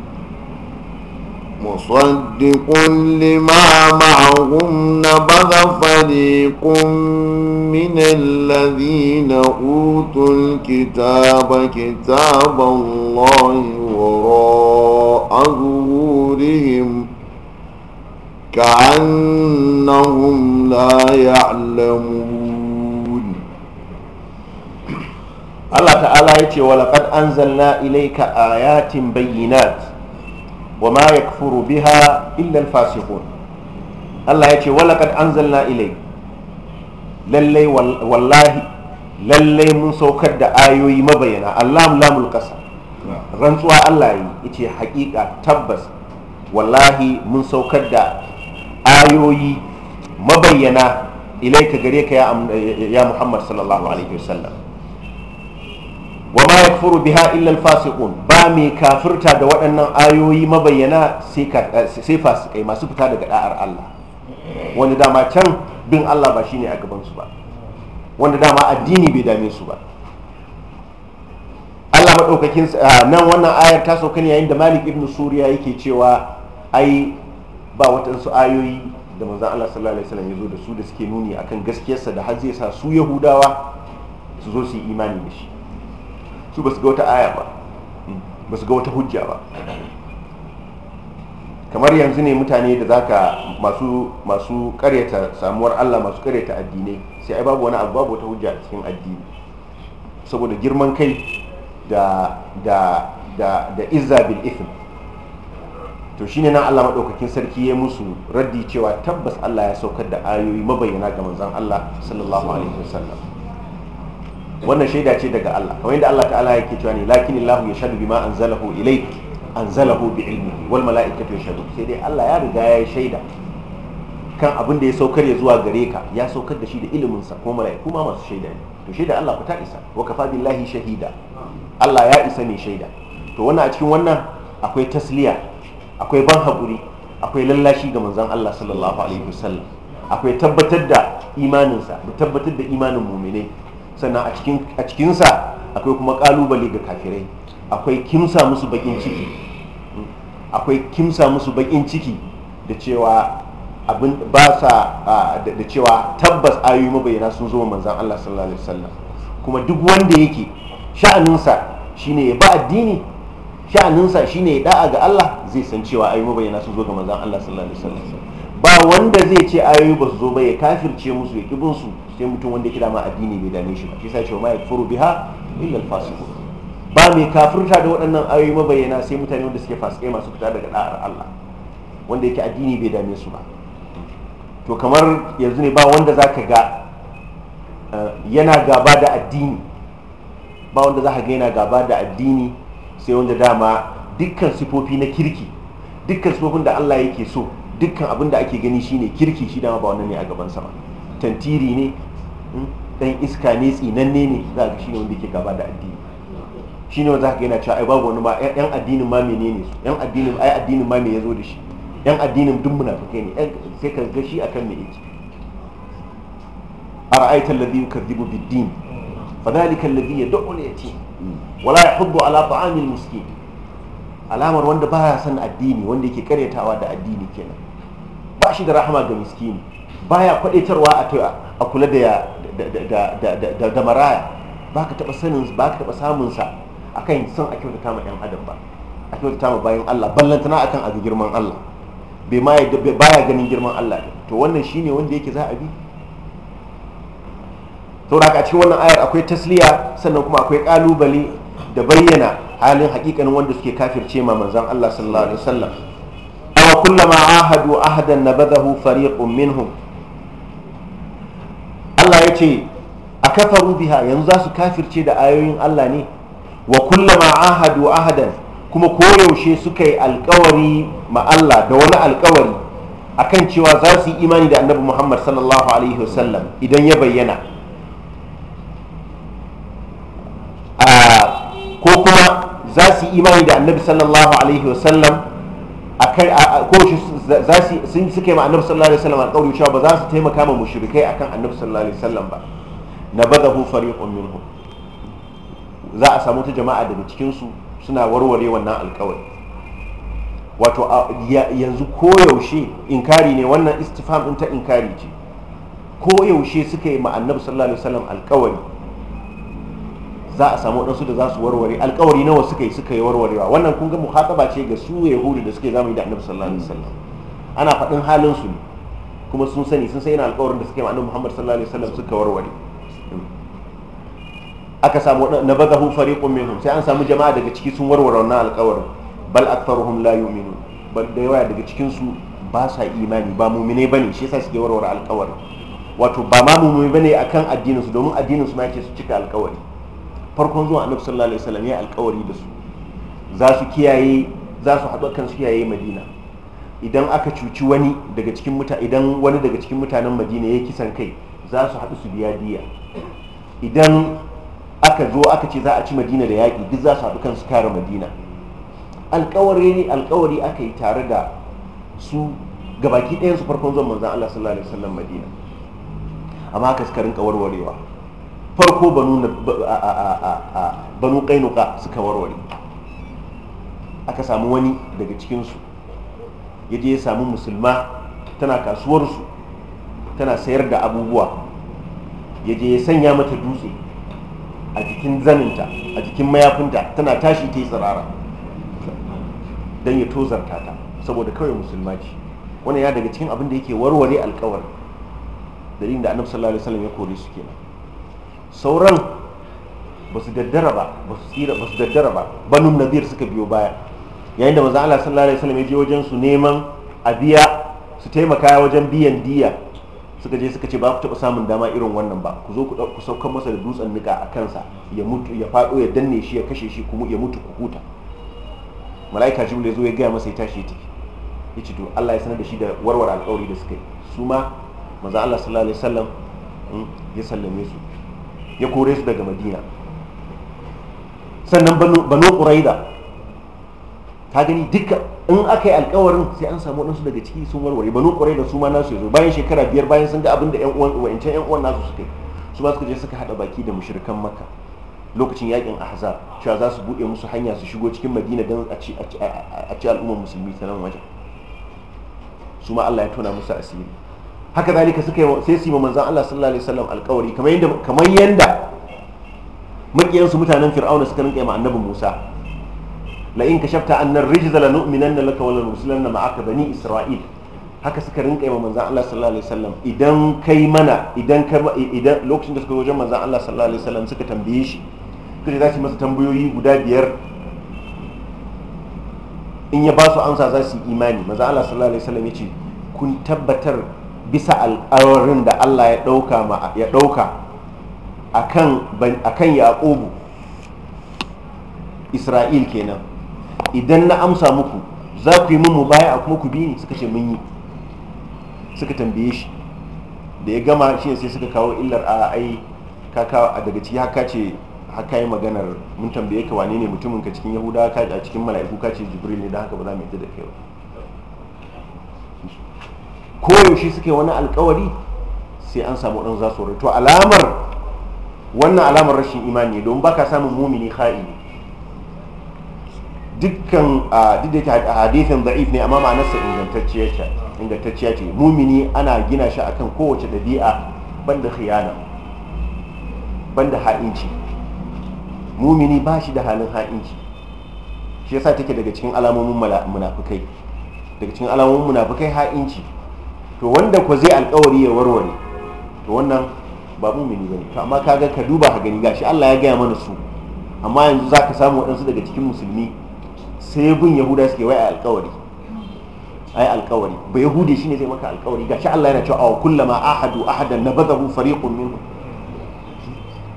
مصدق لما معهم نبذ فريق من الذين أوتوا الكتاب كتاب الله وراء ظهورهم كأنهم لا يعلمون الله تعالى يتي ولقد أنزلنا إليك آيات بينات wa ma yakfuru biha illal al-fasiqun Allah ya ce walaqad anzalna ilai lallai wallahi lallai mun saukar da ayoyi mabayana Allah lamul ƙasa rantsuwa Allah yi yace hakika tabbas wallahi mun saukar da ayoyi mabayana ilai ka gare ka ya Muhammad sallallahu alaihi wasallam wa ma yakfuru biha illal al-fasiqun mai kafirta da waɗannan ayoyi mabayyana eh, sai fasikai masu fita daga da'ar Allah wanda dama can bin Allah ba shine a gabansu ba wanda dama addini bai dame su ba Allah maɗaukakin ah, nan wannan ayar ta sauka ne yayin da Malik ibn Suriya yake cewa ai ba waɗansu ayoyi da manzon Allah sallallahu ya zo da su da suke nuni akan gaskiyarsa da har zai sa su Yahudawa su zo su yi imani da shi su ba su ga wata aya ba ba su ga wata hujja ba kamar yanzu ne mutane da zaka masu masu karyata samuwar Allah masu karyata addinai sai ai babu wani abu babu wata hujja cikin addini saboda girman kai da da da da izza bil ithm to shine nan Allah madaukakin sarki ya musu raddi cewa tabbas Allah ya saukar da ayoyi mabayyana ga manzon Allah sallallahu alaihi wasallam wannan shaida ce daga Allah kamar yadda Allah ta'ala yake cewa ne lakin Allah ya shahadu bima anzalahu ilayk anzalahu bi ilmihi wal malaikatu yashhadu sai dai Allah ya riga ya shaida kan abin da ya saukar ya zuwa gare ka ya saukar da shi da ilimin sa kuma malaiku ma masu shaida ne to shaida Allah ku ta isa wa kafa billahi shahida Allah ya isa ne shaida to wannan a cikin wannan akwai tasliya akwai ban hakuri akwai lallashi ga manzon Allah sallallahu alaihi wasallam akwai tabbatar da imaninsa da tabbatar da imanin muminai sannan a cikinsa akwai kuma kalubale ga kafirai akwai kimsa musu bakin ciki akwai kimsa musu bakin ciki da cewa abin ba sa da cewa tabbas ayoyi mabayyana sun zo manzan Allah sallallahu alaihi wasallam kuma duk wanda yake sha'aninsa shine ya ba addini sha'aninsa shine ya da'a ga Allah zai san cewa ayoyi mabayyana sun zo ga manzan Allah sallallahu alaihi wasallam ba wanda zai ce ayoyi ba su zo ba ya kafirce musu ya kibin su sai mutum wanda yake dama addini bai dame shi ba shi sai ce ma yakfuru biha illa alfasiqun ba mai kafirta da waɗannan ayoyi mabayyana sai mutane wanda suke fasike masu fita daga da'ar Allah wanda yake addini bai dame su ba to kamar yanzu ne ba wanda zaka ga eh, yana gaba da addini ba wanda zaka ga yana gaba da addini sai wanda dama dukkan sifofi na kirki dukkan sifofin da Allah yake so dukkan abin da ake gani shine kirki shi dama ba wannan ne a gaban sama tantiri ne hmm? dan iska ne tsinanne ne za ga shine wanda ke gaba da addini shine wanda zaka yana cewa ai babu wani ma yan addinin ma ne su yan addinin ai addinin ma me ya zo da shi yan addinin duk munafikai ne sai ka ga shi akan me yake ara'aita alladhi yukadhibu bid-din fadhalika alladhi yad'u ya yatim wala yahuddu ala ta'am al-miskin alamar wanda baya son addini wanda yake karyatawa da addini kenan ba shi da rahama ga miskini baya kwadaitarwa a kula da maraya ba ka taɓa sanin ba ka taba samun a kan son a kyautata ma ɗan adam ba a kyautata ma bayan Allah ballantana akan a girman Allah bai ma baya ganin girman Allah to wannan shine wanda yake za a bi saboda a cikin wannan ayar akwai tasliya sannan kuma akwai kalubale da bayyana halin hakikanin wanda suke kafirce ma manzon Allah sallallahu alaihi wasallam kullama ahadu ahadan nabadahu fariqun minhum ce a kafaru biha yanzu za su kafirce da ayoyin Allah ne wa kullama ahadu ahadan kuma koyaushe suka yi alkawari ma Allah da wani alkawari akan cewa za su yi imani da annabi Muhammad sallallahu alaihi wasallam idan ya bayyana ko kuma za su yi imani da annabi sallallahu alaihi wasallam koyaushe za su sun suke ma annabi sallallahu alaihi wasallam alƙawari cewa ba za su taimaka ma mushrikai akan annabi sallallahu alaihi wasallam ba nabadahu fariqun minhum za a samu ta jama'a daga cikin su suna warware wannan alƙawari wato yanzu koyaushe inkari ne wannan istifham din ta inkari ce koyaushe suka yi annabi sallallahu alaihi wasallam alƙawari za a samu wadansu da za su warware alkawari nawa suka yi suka yi warwarewa wannan kun ga muhataba ce ga su yahudu da suke zamani yi da annabi sallallahu alaihi wasallam ana faɗin halin su ne kuma sun sani sun sai yana alƙawarin da suka yi annabi Muhammad sallallahu alaihi wasallam suka warware aka samu na hu fariqun minhum sai an samu jama'a daga ciki sun warware wannan alƙawarin bal aktharuhum la yu'minun bal da yawa daga cikin su ba sa imani ba mu'mine bane shi yasa suke warware alƙawarin wato ba ma mu'mine bane akan addinin su domin addinin su ma yake su cika alƙawari farkon zuwa annabi sallallahu alaihi wasallam ya alƙawari da su za su kiyaye za su haɗu kan su kiyaye madina idan aka cuci wani daga cikin mutane idan wani daga cikin mutanen madina ya kisan kai za su haɗu su biya diya idan aka zo aka ce za a ci madina da yaƙi duk za su haɗu kansu kare madina alkawari ne alkawari aka yi tare da su gabaki ɗayan su farkon zuwan manzan Allah sallallahu alaihi wasallam madina amma aka suka rinka warwarewa farko banu banu kainuka suka warware aka samu wani daga cikinsu ya ya sami musulma tana kasuwarsu tana sayar da abubuwa ya ya sanya mata dutse a jikin zaninta a jikin mayafinta tana tashi ta yi tsirara don ya tozarta ta saboda kawai musulma ce wannan ya daga cikin abin da yake warware alkawari dalilin da annabi sallallahu alaihi wasallam ya kori su kenan sauran ba su daddara ba ba su tsira ba su daddara ba banu nadir suka biyo baya yayin da manzo Allah sallallahu alaihi wasallam ya je wajen su neman a biya su taimaka wajen biyan diya suka je suka ce ba ku taɓa samun dama irin wannan ba ku zo ku saukan masa da dutsen nika a kansa ya mutu ya faɗo ya danne shi ya kashe shi kuma ya mutu ku huta mala'ika jibril ya zo ya gaya masa ya tashi ya tafi ya ce to Allah ya sanar da shi da warware alƙawari da suka yi su ma manzo Allah sallallahu alaihi wasallam hmm, ya sallame su ya kore su daga Madina sannan banu Quraida ka gani duka in aka yi alkawarin sai an samu wadansu daga ciki sun warware ba kwarai da su ma nasu yanzu bayan shekara biyar bayan sun ga abin da wa'ancan yan uwan nasu suka yi su ba suka je suka haɗa baki da mushrikan maka lokacin yakin ahzab cewa za su buɗe musu hanya su shigo cikin madina don a ci al'ummar musulmi ta nan wajen su ma allah ya tona musu asiri haka zalika suka yi sai su yi manzan allah sallallahu alaihi wasallam alkawari kamar yadda kamar yadda makiyansu mutanen fir'auna suka rinka yi ma annabi musa la in kashafta annar rijza la nu'minanna laka wala nursilanna ma'aka bani isra'il haka suka rinka yawa manzan Allah sallallahu alaihi wasallam idan kai mana idan ka idan lokacin da suka wajen manzan Allah sallallahu alaihi wasallam suka tambaye shi suka za su masa tambayoyi guda biyar in ya ba su amsa za su yi imani manzan Allah sallallahu alaihi wasallam ya ce kun tabbatar bisa al'awarin da Allah ya dauka ma ya dauka akan akan Yaqubu Isra'il kenan idan na amsa muku za ku yi min mubaya kuma ku bi ni suka ce mun yi suka tambaye shi da ya gama shi sai suka kawo illar a ai ka a daga ciki haka ce haka yi maganar mun tambaye ka wane ne mutumin ka cikin yahuda ka a cikin mala'iku ka ce jibril ne da haka ba za mu yi da kai ba koyaushe suka yi wani alkawari sai an samu ɗan za su to alamar wannan alamar rashin imani don baka samun mumini ha'i dukkan duk da yake hadithin za'if ne amma ma'anarsa ingantacciya ce ingantacciya ce mumini ana gina shi akan kowace dabi'a banda khiyana banda ha'inci mumini ba shi da halin ha'inci shi yasa take daga cikin alamomin munafukai daga cikin alamomin munafukai ha'inci to wanda ko zai alkawari ya warware to wannan ba mumini bane to amma kaga ka duba ka gani gashi Allah ya gaya mana su amma yanzu zaka samu waɗansu daga cikin musulmi sai bin yahuda suke wai alkawari ai alkawari ba yahudi shine zai maka alkawari gashi Allah yana cewa aw kullama ahadu ahadan nabadahu fariqun minhum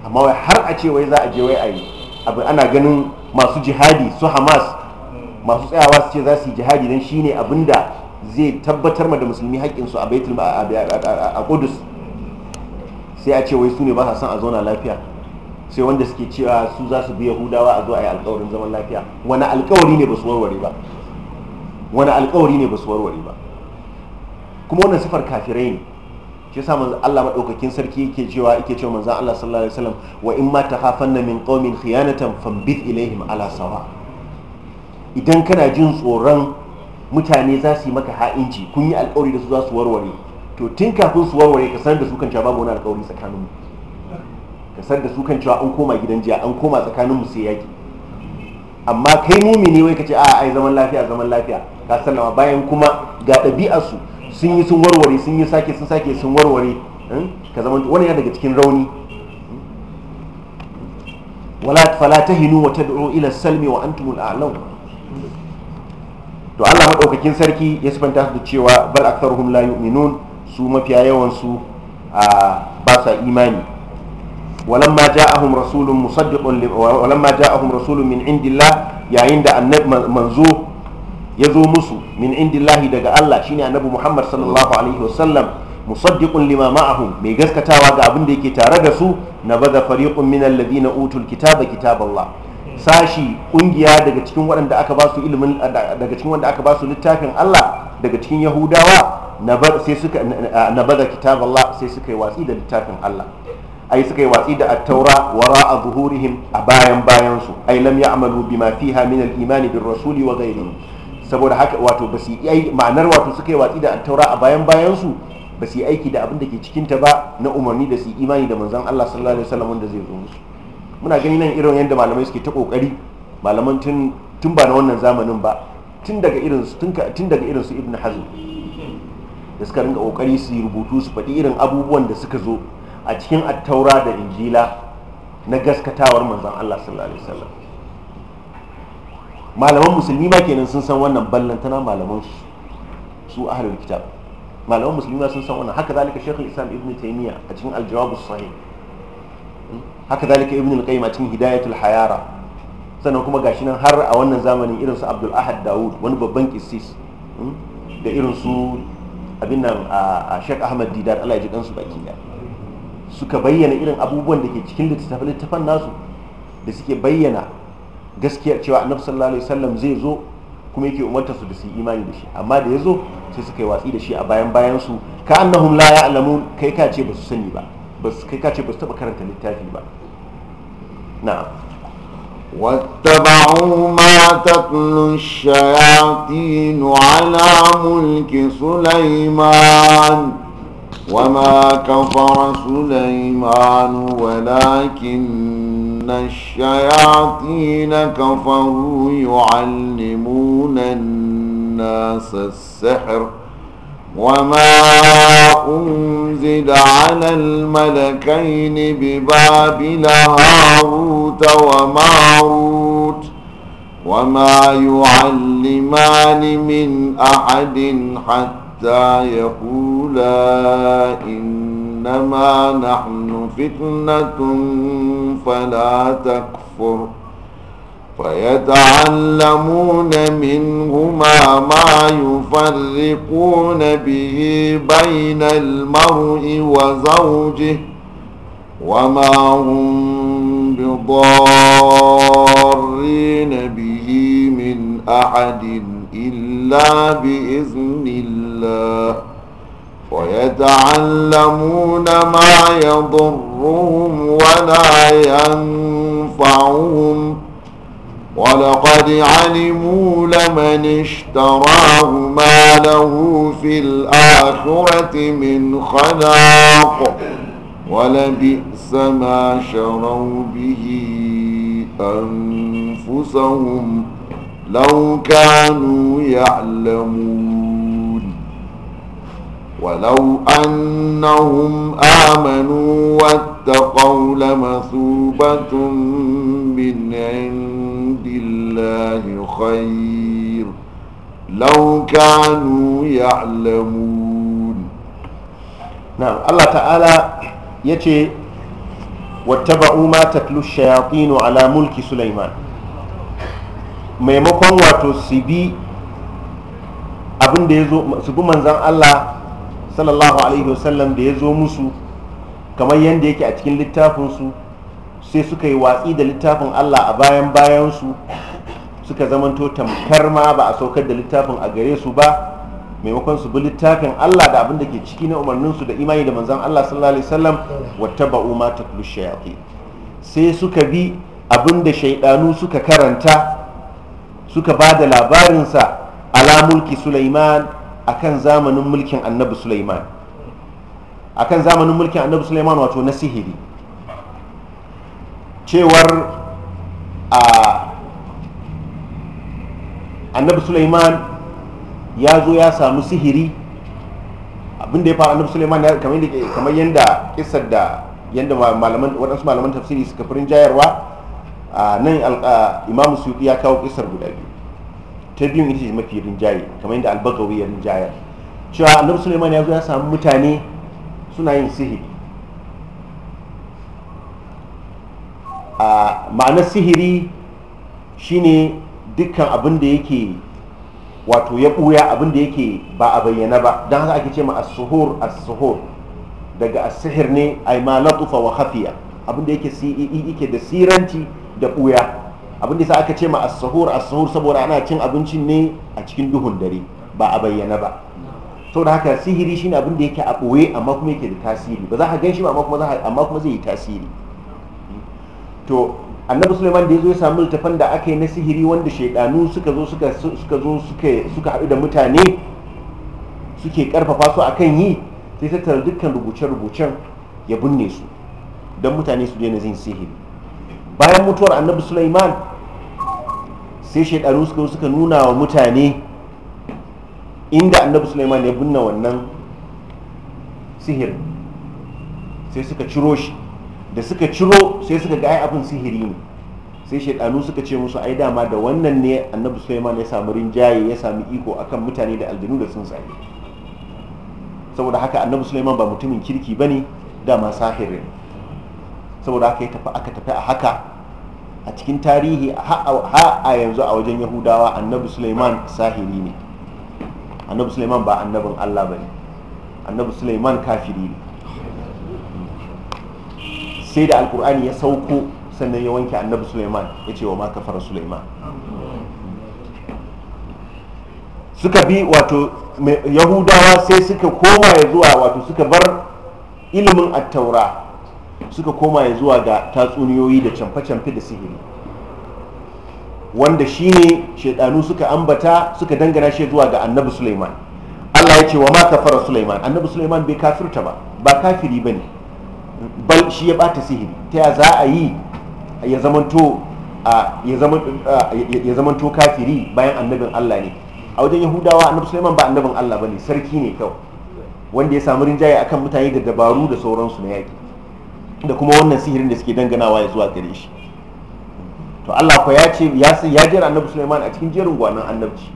amma wai har a ce wai za a je wai ayi abu ana ganin masu jihadi su Hamas masu tsayawa su ce za su yi jihadi dan shine abinda zai tabbatar ma da musulmi haƙƙin su a baitul a Qudus sai a ce wai su ne ba sa son a zauna lafiya sai wanda suke cewa su za su bi yahudawa a zo a yi alkawarin zaman lafiya wani alkawari ne ba su warware ba wani alkawari ne ba su warware ba kuma wannan sifar kafirai ne shi yasa manzo Allah madaukakin sarki yake cewa yake cewa manzo Allah sallallahu alaihi wasallam wa in ma tahafanna min qaumin khiyanatan fambit ilaihim ala sawa idan kana jin tsoron mutane za su yi maka ha'inci kun yi alkawari da su za su warware to tun kafin su warware ka sanar da su kan cewa babu wani alkawari tsakaninmu da san da su kan cewa an koma gidan jiya an koma tsakanin mu sai yaki amma kai mumini wai kace a ai zaman lafiya zaman lafiya ka sallama bayan kuma ga ɗabi'ar su sun yi sun warware sun yi sake sun sake sun warware hmm? ka zama wani ya daga cikin rauni wala fala tahinu wa tad'u ila salmi wa antumul a'law to Allah madaukakin sarki ya sifanta su da cewa bal aktharuhum la yu'minun su mafiya yawan su ba sa imani ولما جاءهم رسول مصدق ولما جاءهم رسول من عند الله yayin da manzo ya zo musu min indillahi daga Allah shine annabi Muhammad sallallahu alaihi wasallam musaddiqun lima ma'ahum mai gaskatawa ga abin da yake tare da su na baza fariqun min alladhina utul kitaba kitaballah sashi kungiya daga cikin waɗanda aka ba su ilimin daga cikin wanda aka ba su littafin Allah daga cikin Yahudawa na baza sai suka na kitaballah sai suka yi watsi da littafin Allah ai suka yi watsi da attaura wara a zuhurihim a bayan bayansu ai lam ya'malu amalu bima fiha min al-imani bin rasuli wa ghairihi saboda haka wato ba yi ma'anar wato suka yi watsi da attaura a bayan bayansu ba su yi aiki da abin da ke cikin ta ba na umarni da su imani da manzon Allah sallallahu alaihi wasallam wanda zai zo musu muna gani nan irin yadda malamai suke ta kokari malaman tun tun ba na wannan zamanin ba tun daga irin su tun daga irin su ibnu hazm da suka rinka kokari su rubutu su faɗi irin abubuwan da suka zo a cikin attaura da injila na gaskatawar manzan Allah sallallahu alaihi wasallam malaman musulmi ma kenan sun san wannan ballantana malaman su ahlul kitab malaman musulmi ma sun san wannan haka zalika shekul islam ibn taymiya a cikin aljawabus sahih hmm? haka zalika ibn al-qayyim a cikin hidayatul hayara sannan kuma gashi nan har a wannan zamanin irin su abdul ahad dawud wani babban kisis hmm? da irin su abin nan a shek ahmad didar allah ya ji kansu baki daya suka bayyana irin abubuwan da ke cikin littattafan nasu da suke bayyana gaskiyar cewa annabi sallallahu alaihi wasallam zai zo kuma yake umarta su da su imani da shi amma da ya zo sai suka yi watsi da shi a bayan bayan su ka annahum la ya'lamun kai ka ce ba su sani ba kai ka ce ba su taba karanta littafi ba na واتبعوا ما تتلو الشياطين على ملك سليمان وما كفر سليمان ولكن الشياطين كفروا يعلمون الناس السحر وما أنزل على الملكين ببابل هاروت وماروت وما يعلمان من أحد حتى يقول لا إنما نحن فتنة فلا تكفر فيتعلمون منهما ما يفرقون به بين المرء وزوجه وما هم بضارين به من أحد إلا بإذن الله ويتعلمون ما يضرهم ولا ينفعهم ولقد علموا لمن اشتراه ما له في الآخرة من خلاق ولبئس ما شروا به أنفسهم لو كانوا يعلمون ولو أنهم آمنوا واتقوا لمثوبة من عند الله خير لو كانوا يعلمون نعم الله تعالى يتي واتبعوا ما تتلو الشياطين على ملك سليمان maimakon wato su abin da ya zo su bi manzan Allah sallallahu alaihi wasallam da ya zo musu kamar yadda yake a cikin littafinsu sai suka yi watsi da littafin allah a bayan bayansu suka zamanto tamkar ma ba a saukar da littafin a gare su ba maimakon su bi littafin allah da abin da ke ciki na umarnin su da imani da manzan allah sallallahu alaihi wasallam wata ba'u ma ta sai suka bi abin da shaidanu suka karanta suka ba da labarinsa ala mulki sulaiman akan zamanin mulkin annabi Suleiman akan zamanin mulkin annabi suleiman wato na sihiri cewar a annabi Suleiman ya zo ya samu sihiri abinda ya faru annabi Suleiman kamar yadda kisar da yadda waɗansu malaman tafsiri suka firin jayarwa nan imam suyuti ya kawo kisar guda biyu ta biyun ita ce mafi rinjaye kamar yadda albagawi ya rinjayar cewa annabi suleiman ya zo ya samu mutane suna yin sihiri a ma'ana sihiri shine dukkan abin da yake wato ya buya abin da yake ba a bayyana ba don haka ake ce ma as-suhur daga as-sihir ne ay ma latufa wa khafiya abin da yake da siranci da ɓuya abin da sa aka ce ma as-sahur saboda ana cin abincin ne a cikin duhun dare ba a bayyana ba to da haka sihiri shine abin da yake a boye amma kuma yake da tasiri ba za ka ganshi ba amma kuma zai yi tasiri to annabi Sulaiman da zo ya samu littafan da aka yi na sihiri wanda shaidanu suka zo suka zo suka haɗu da mutane suke karfafa su akan yi sai tattara dukkan rubuce-rubucen ya binne su don mutane su daina zin sihiri bayan mutuwar annabi sulaiman sai shaidaru suka suka nuna wa mutane inda annabi sulaiman ya binne wannan sihir sai suka ciro shi da suka ciro sai suka ga abin sihiri ne sai shaidanu suka ce musu ai dama da wannan ne annabi sulaiman ya samu rinjaye ya samu iko akan mutane da aljanu da tsuntsaye saboda haka annabi sulaiman ba mutumin kirki bane dama sahirin saboda haka yi tafi aka tafi a haka a cikin tarihi ha a yanzu a wajen yahudawa annabi suleiman sahiri ne annabi suleiman ba annabin allah ba ne annabi suleiman kafiri ne sai da alkur'ani ya sauko sannan ya wanke annabi suleiman ya ce wa ma kafara suleiman suka bi wato yahudawa sai suka koma ya zuwa wato suka bar ilimin attaura suka koma ya zuwa ga tatsuniyoyi da camfe-camfe da sihiri wanda shi ne shaidanu suka ambata suka dangana shi zuwa ga annabi suleiman allah ya ce wa ma kafara suleiman annabi suleiman bai kafirta ba ba kafiri ba ne bal shi ya bata sihiri ta ya za a yi ya zamanto ya kafiri bayan annabin allah ne a wajen yahudawa annabi suleiman ba annabin allah ba ne sarki ne kawai wanda ya samu rinjaye akan mutane da dabaru da sauransu na yaki da kuma wannan sihirin da suke danganawa ya zuwa gare shi to Allah ko ya ce ya jira annabi Sulaiman a cikin jerin gwanan annabci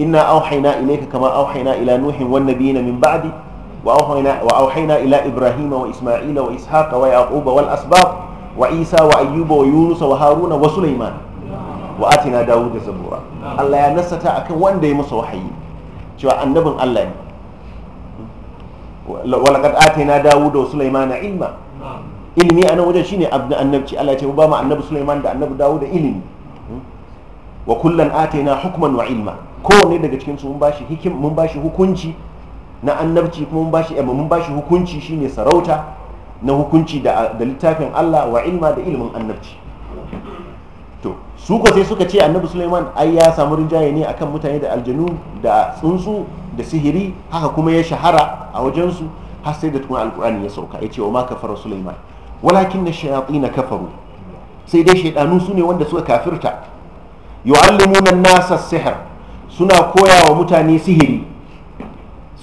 inna auhayna ilayka kama auhayna ila nuhin wan nabiyina min ba'di wa auhayna wa auhayna ila ibrahima wa isma'ila wa ishaqa wa yaquba wal asbab wa isa wa ayyuba wa yunusa wa haruna wa sulaiman wa atina da zabura Allah ya nasata akan wanda ya masa wahayi cewa annabin Allah ne wa laqad atina dawuda wa sulaimana ilma ilimi a nan wajen shine annabci Allah ce ba mu annabi Sulaiman da annabi Dawud da ilimi wa kullan atayna hukman wa ilma kowanne daga cikin su mun bashi hikim mun bashi hukunci na annabci kuma mun bashi mun bashi hukunci shine sarauta na hukunci da littafin Allah wa ilma da ilimin annabci to su ko sai suka ce annabi Sulaiman ai ya samu rinjaye ne akan mutane da aljanu da tsuntsu da sihiri haka kuma ya shahara a wajensu har sai da tukun alkur'ani ya sauka ya ce wa ma kafara Sulaiman walakin na na kafaru sai dai shaidanu su ne wanda suka kafirta yu'allimuna nasa sihir suna koya wa mutane sihiri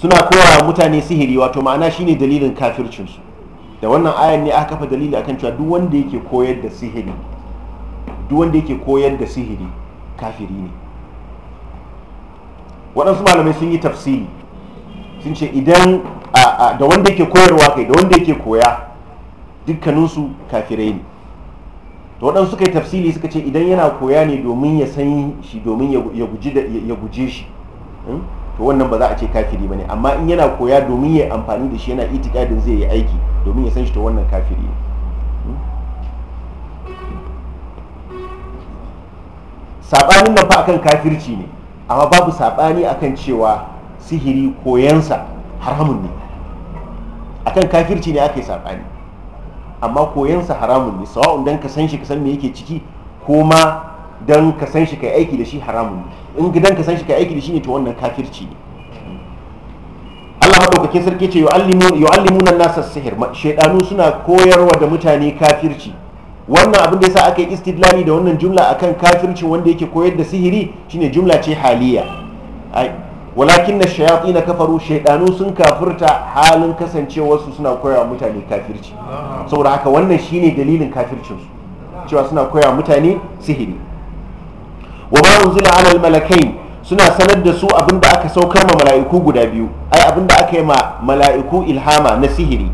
suna koya wa mutane sihiri wato ma'ana shine dalilin kafircinsu da wannan ayan ne aka kafa dalili akan cewa duk wanda yake koyar da sihiri duk wanda yake koyar da sihiri kafiri ne waɗansu malamai sun yi tafsiri sun ce idan da wanda yake koyarwa kai da wanda yake koya dukkaninsu kafirai ne to waɗansu suka yi tafsili suka ce idan yana koya ne domin ya san shi domin ya guje shi hmm? to wannan ba za a ce kafiri ba ne amma in yana koya domin ya amfani da shi yana itikadin zai yi aiki domin ya san shi to wannan kafiri ne hmm? sabanin nan fa akan kafirci ne amma babu saɓani akan cewa sihiri koyansa haramun ne akan kafirci ne aka yi saɓani amma koyansa haramun ne sawa'un dan ka san shi ka san me yake ciki ko ma dan ka san shi kai aiki da shi haramun ne in dan ka san shi kai aiki da shi ne to wannan kafirci ne Allah madaukakin sarki ce yu'allimuna an-nasa sihir shaydanu suna koyarwa da mutane kafirci wannan abin da yasa aka yi istidlali da wannan jumla akan kafircin wanda yake koyar da sihiri shine jumla ce haliya walakin na shayatsi na kafaru shaidanu sun kafirta halin kasancewarsu suna koyawa mutane kafirci saboda haka wannan shine dalilin kafircinsu cewa suna koyawa mutane sihiri wa ba unzila ala almalakain suna sanar da su abinda aka saukar ma mala'iku guda biyu ai abinda aka yi ma mala'iku ilhama na sihiri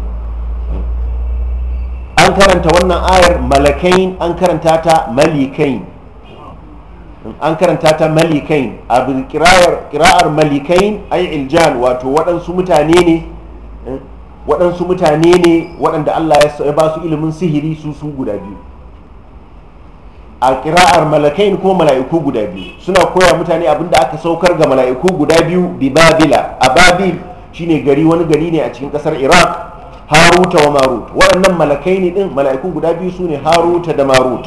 an karanta wannan ayar malakain an karanta ta malikain an karanta ta malikain a kira'ar malikain ai iljan wato waɗansu mutane ne eh, waɗansu mutane ne waɗanda Allah ya ba su ilimin sihiri su su guda biyu a kira'ar malakain kuma mala'iku guda biyu suna koya mutane da aka saukar ga mala'iku guda biyu bi babila a babil shine gari wani gari ne a cikin kasar iraq haruta wa marut waɗannan malakai ne ɗin mala'iku guda biyu su ne haruta da marut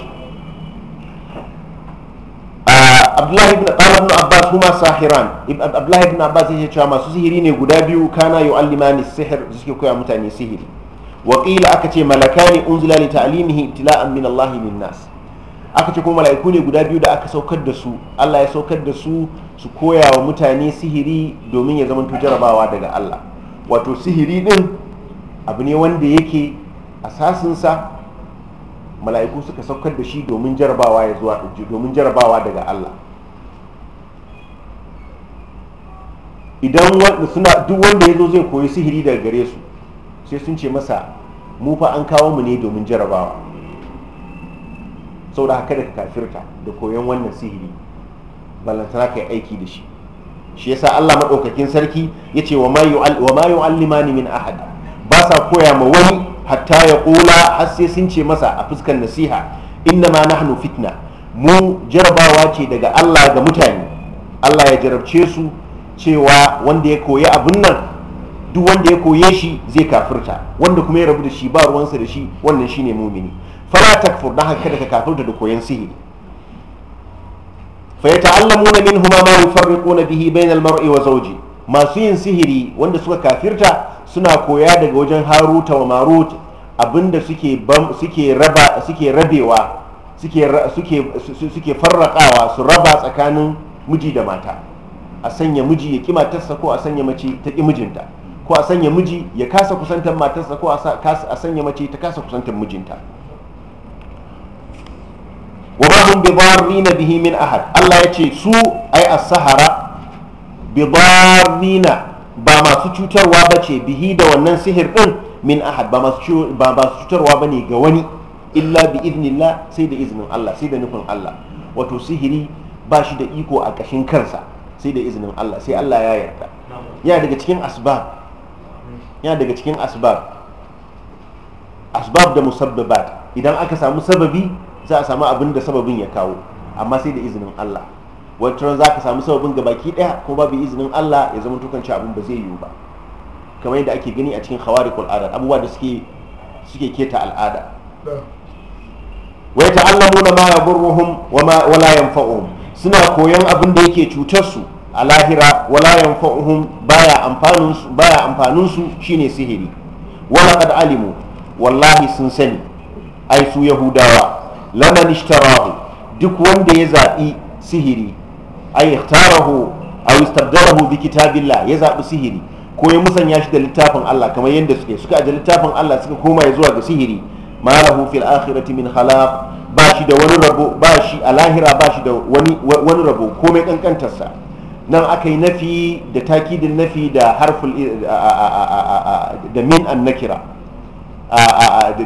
abdullahi ibn qala ibn abbas huma sahiran abdullahi ibn abbas yace cewa masu sihiri ne guda biyu kana yu'allimani sihr suke koya mutane sihiri wa qila aka ce malakani unzila li ta'limihi ibtila'an min Allah lin nas aka ce kuma mala'iku ne guda biyu da aka saukar da su Allah ya saukar da su su koya wa mutane sihiri domin ya zama jarabawa daga Allah wato sihiri din abu ne wanda yake asasinsa mala'iku suka saukar da shi domin jarabawa ya zuwa domin jarabawa daga Allah idan suna duk wanda ya zo zai koyi sihiri daga gare su sai sun ce masa mu fa an kawo mu ne domin jarabawa sau da haka da kafirta da koyon wannan sihiri ballantana ka yi aiki da shi shi yasa Allah maɗaukakin sarki ya ce wa ma yu'allimani min ahad ba sa koya ma wani hatta ya ƙula har sai sun ce masa a fuskar nasiha inna ma nahnu fitna mu jarabawa ce daga Allah ga mutane Allah ya jarabce su cewa wanda ya koyi abin nan duk wanda ya koye shi zai kafirta wanda kuma ya rabu da shi ba ruwansa da shi wannan shine mumini fara takfur dan haka kada ka kafirta da koyan sihiri fa yata'allamuna minhuma ma yufarriquna bihi bainal mar'i wa zawji masu yin sihiri wanda suka kafirta suna koya daga wajen haruta wa marut abinda suke suke raba suke rabewa suke suke farrakawa su raba tsakanin miji da mata a sanya miji ya ki matarsa ko a sanya mace ta ki mijinta ko a sanya miji ya kasa kusantar matarsa ko a sanya mace ta kasa kusantar mijinta wa ma hum bidarrina bihi min ahad Allah ya ce su ai as-sahara bidarrina ba masu cutarwa ba ce bihi da wannan sihir din min ahad ba masu ba ba cutarwa bane ga wani illa bi idnillah sai da iznin Allah sai da nufin Allah wato sihiri ba shi da iko a kashin kansa sai da izinin Allah sai Allah ya yarda yana daga cikin asbab ya daga cikin asbab asbab da musabbabat idan aka samu sababi za a samu abin da sababin ya kawo amma sai da izinin Allah wata za ka samu sababin ga baki daya ko babu izinin Allah ya zama ci abin ba zai yiwu ba kamar yadda ake gani a cikin khawariqul adad abubuwa da suke suke keta al'ada wai wa yata'allamuna ma yadurruhum wa ma wala yanfa'uhum suna koyon abin da yake su a lahira wala fa'uhun baya amfaninsu baya amfaninsu shine sihiri wala qad alimu wallahi sun sani ai su yahudawa laman ishtarahu duk wanda ya zaɓi sihiri ai da aw istabdalahu bi kitabillah ya zaɓi sihiri ko ya musanya shi da littafin Allah kamar yadda suke suka aje littafin Allah suka koma ya zuwa ga sihiri ma lahu fil akhirati min khalaq ba shi da wani rabo ba shi a lahira ba shi da wani rabo komai kankantarsa nan aka yi nafi da takidin nafi da harful da min an nakira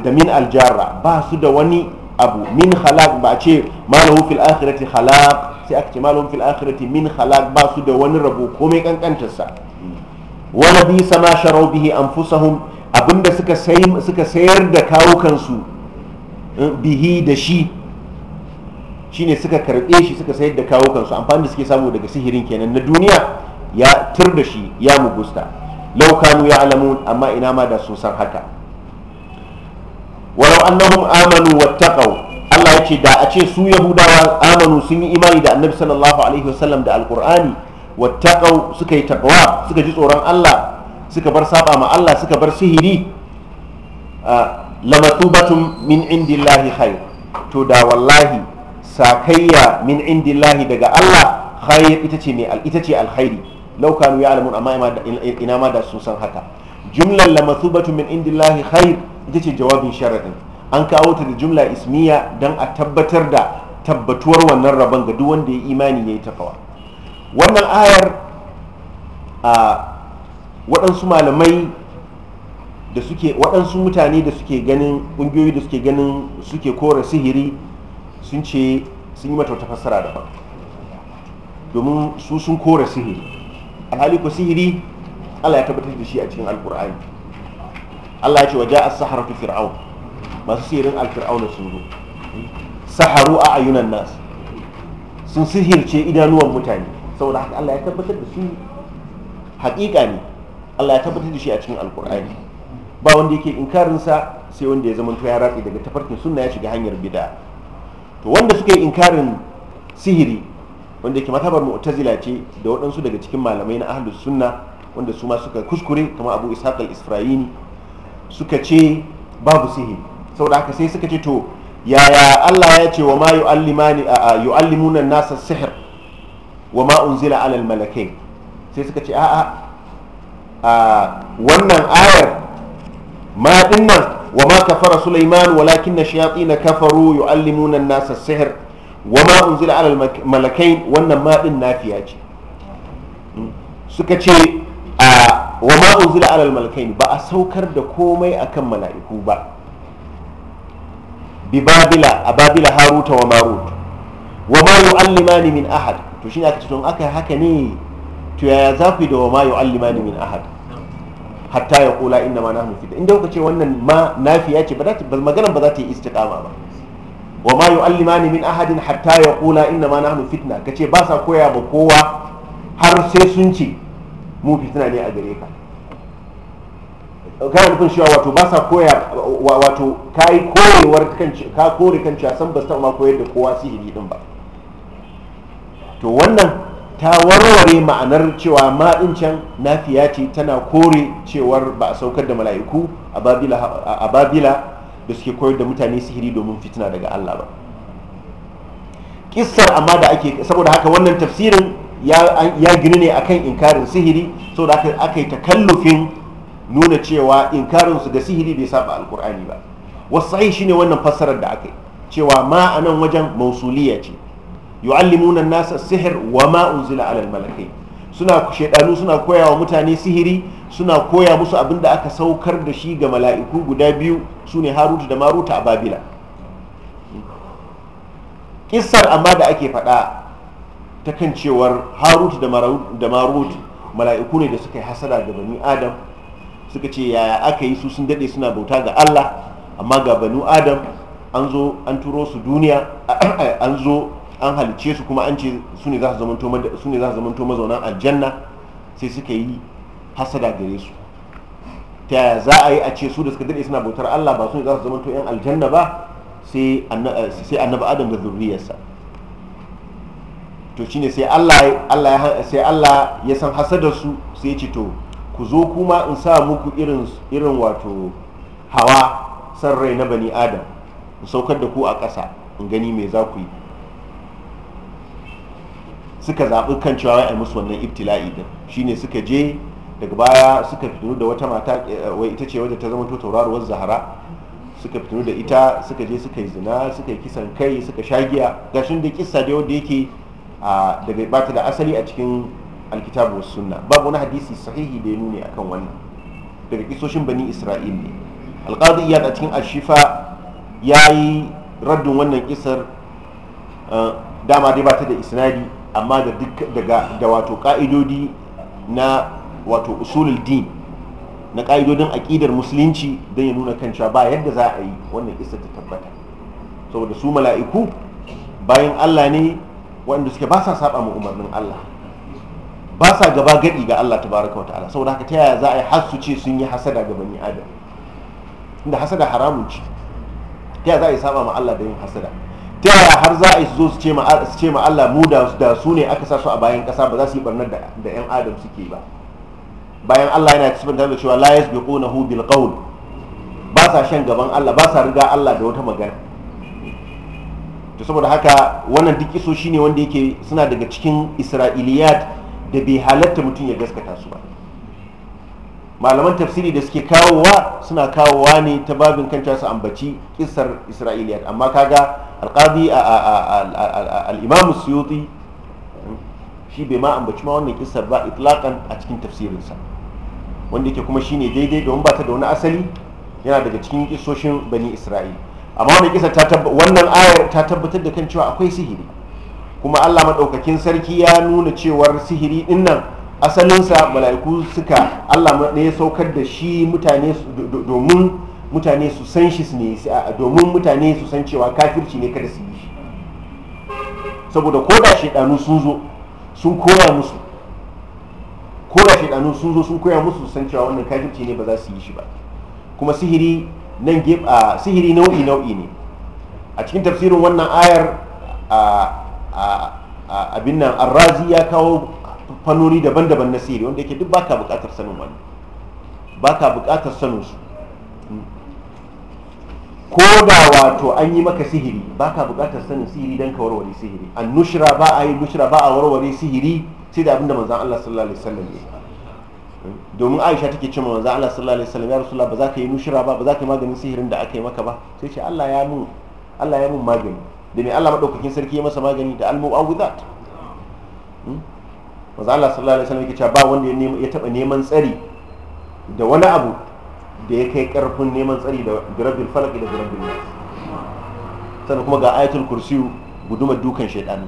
da min aljarra ba su da wani abu min halak ba ce malahu fil akhirati halak sai aka ce malahu fil akhirati min halak ba su da wani rabo komai kankantarsa wani bisa ma sharau bihi anfusahum abinda suka sayar da kawukansu Eh, bihi da shi shine suka karbe shi suka sayar da kawo kansu amfani da suke samu daga sihirin kenan na duniya ya tur da shi ya mugusta laukanu ya alamu amma ina ma da su san haka walau annahum amanu wattaqau Allah ya ce da a ce su yahudawa amanu sun yi imani da annabi sallallahu alaihi wasallam da alqur'ani wattaqau suka yi taqwa suka ji tsoron Allah suka bar saba ma Allah suka bar sihiri ah, lamatsubatun min indillahi khair to da wallahi sakayya min indillahi daga Allah khair ita ce mai ita ce alkhairi law kanu ya'lamun amma ina ma da sun san haka jumlar lamatsubatun min indillahi khair ita ce jawabin sharaɗin, an kawo ta da jumla ismiya don a tabbatar da tabbatuwar wannan rabon ga duk wanda ya imani ya yi tafawa wannan ayar a waɗansu malamai da suke waɗansu mutane da suke ganin ƙungiyoyi da suke ganin suke kora sihiri sun ce sun yi mata wata fassara daban domin su sun kora sihiri alhali ko sihiri Allah ya tabbatar da shi a cikin alkur'ani Allah ya ce waje a saharatu fir'au masu sihirin alfir'auna sun zo saharu a ayunan nas sun sihirce idanuwan mutane saboda haka Allah ya tabbatar da su haƙiƙa ne Allah ya tabbatar da shi a cikin alkur'ani ba wanda yake inkarinsa sai wanda ya zama ya ratsi daga tafarkin sunna ya shiga hanyar bid'a to wanda suka yi inkarin sihiri wanda yake matabar mu'tazila ce da waɗansu daga cikin malamai na ahlus sunna wanda su ma suka kuskure kamar abu ishaq al-isra'ini suka ce babu sihiri saboda haka sai suka ce to yaya Allah ya ce wa ma yu'allimani yu'allimuna an-nasa sihr wa ma unzila 'ala al-malakain sai suka ce a'a wannan ayar ma dinnan wa kafara sulaiman walakin na shayatin kafaru yu'allimuna an-nasa sihr wa ma unzila ala malakain wannan ma din nafiya ce suka ce a wa ma unzila ala malakain ba a saukar da komai akan mala'iku ba a babila haruta wa marut wa ma ahad to shine aka haka ne to yaya za ku yi da wa ma ahad hatta ya kula inda ma hannu fitna inda kuka ce wannan ma nafiya ce ba za ba za ta yi istiqama ba wa ma yu'allimani min ahadin hatta ya kula inda ma hannu fitna ka ce ba sa koya ba kowa har sai sun ce mu fitna ne a gare ka kana nufin cewa wato ba sa koya wato ka yi korewar kan ka kore kan cewa san ba su ma koyar da kowa sihiri din ba to wannan ta warware ma'anar cewa maɗin can nafiya ce tana kore cewar ba a saukar da mala'iku a babila da suke koyar da mutane sihiri domin fitina daga allah ba kissar amma da ake saboda haka wannan tafsirin ya gini ne akan inkarin sihiri saboda haka aka yi takallufin nuna cewa inkarinsu su ga sihiri bai saba alkur'ani ba wasu shine wannan fassarar da aka yi cewa ma'anan wajen mausuliya ce yu'allimuna an-nasa sihr wa ma unzila 'ala al-malakai suna shedanu suna koya wa mutane sihiri suna koya musu abin da aka saukar da shi ga mala'iku guda biyu sune Harut da Marut a Babila kissar amma da ake faɗa ta kan cewar Harut da Marut mala'iku ne da suka yi hasada ga bani Adam suka ce yaya aka yi su sun dade suna bauta ga Allah amma ga banu Adam an zo an turo su duniya an zo an halicce su kuma an ce su ne za su zamanto mazauna aljanna sai suka yi hasada gare su ta yaya za a yi a ce su da suka dade suna bautar allah ba su ne za su zamanto yan aljanna ba sai eh, annabi adam da zurriyarsa to shine sai allah sai allah ya san hasadar su sai ya ce to ku zo kuma in sa muku irin irin wato hawa san rai na bani adam in saukar da ku a ƙasa in gani mai za ku yi suka zaɓi kan cewa a musu wannan ibtila'i din shine suka je daga baya suka fitinu da wata mata eh, wai ita ce wadda ta zama to tauraruwar zahara suka fitinu da ita suka je suka yi zina suka yi kisan kai suka sha giya gashin da kisa da wanda yake daga bata da asali a cikin alkitabu wasu sunna babu wani hadisi sahihi da ya nuna akan wannan daga kisoshin bani isra'il ne alƙadi iya a cikin alshifa ya yi raddin wannan kisar eh, dama dai bata da isnadi amma da duk daga da wato ka'idodi na wato usulul din na ka'idodin aƙidar musulunci don ya nuna kan cewa ba yadda za a yi wannan isa ta tabbata saboda su mala'iku bayan Allah ne waɗanda suke ba sa saba mu umarnin Allah ba sa gaba gadi ga Allah tabaraka wa ta'ala saboda haka ta yaya za a yi har su ce sun yi hasada ga bani adam inda hasada haramun ce ta yaya za a yi saba ma Allah da yin hasada ta yaya har za a zo su ce ma Allah mu da su ne aka sa su a bayan kasa ba za su yi barnar da yan adam suke ba bayan Allah yana cikin da cewa la hu bil qawl ba sa shan gaban Allah ba sa riga Allah da wata magana to saboda haka wannan duk iso ne wanda yake suna daga cikin isra'iliyat da bai halatta mutum ya gaskata su ba malaman tafsiri da suke kawowa suna kawowa ne ta babin kanta su ambaci kissar isra'iliyat amma kaga alƙadi al’imam suyuti shi bai ma ambaci ma wannan kisar ba itlaƙan a cikin tafsirinsa wanda yake kuma shine daidai domin ba ta da wani asali yana daga cikin kisoshin bani isra'il amma wannan kisa wannan ayar ta tabbatar da kan cewa akwai sihiri kuma allah maɗaukakin sarki ya nuna cewar sihiri ɗin asalinsa mala'iku suka allah ne ya saukar da shi mutane domin mutane su san shi ne domin mutane su san cewa kafirci ne kada su yi shi saboda ko da shaidanu sun zo sun koya musu ko da shaidanu sun zo sun koya musu san cewa wannan kafirci ne ba za su yi shi ba kuma sihiri nan sihiri nau'i nau'i ne a cikin tafsirin wannan ayar a abin nan arrazi ya kawo fanoni daban-daban na sihiri wanda yake duk baka bukatar sanin wani baka bukatar sanin su ko da wato an yi maka sihiri ba ka buƙatar sanin sihiri don ka warware sihiri an nushira ba a yi nushira ba a warware sihiri sai da abinda manzan Allah sallallahu alaihi wasallam ya domin aisha take ce ma Allah sallallahu alaihi wasallam ya rasulullah ba za ka yi nushira ba ba za ka yi maganin sihirin da aka yi maka ba sai ce Allah ya mun Allah ya mun magani da me Allah madaukakin sarki ya masa magani da almu'awwidat hmm? Manzan Allah sallallahu alaihi wasallam yake cewa ba wanda ya taba neman tsari da wani abu da ya kai karfin neman tsari da birabbin falaki da birabbin nas sannan kuma ga ayatul kursiyu guduma dukan shaidanu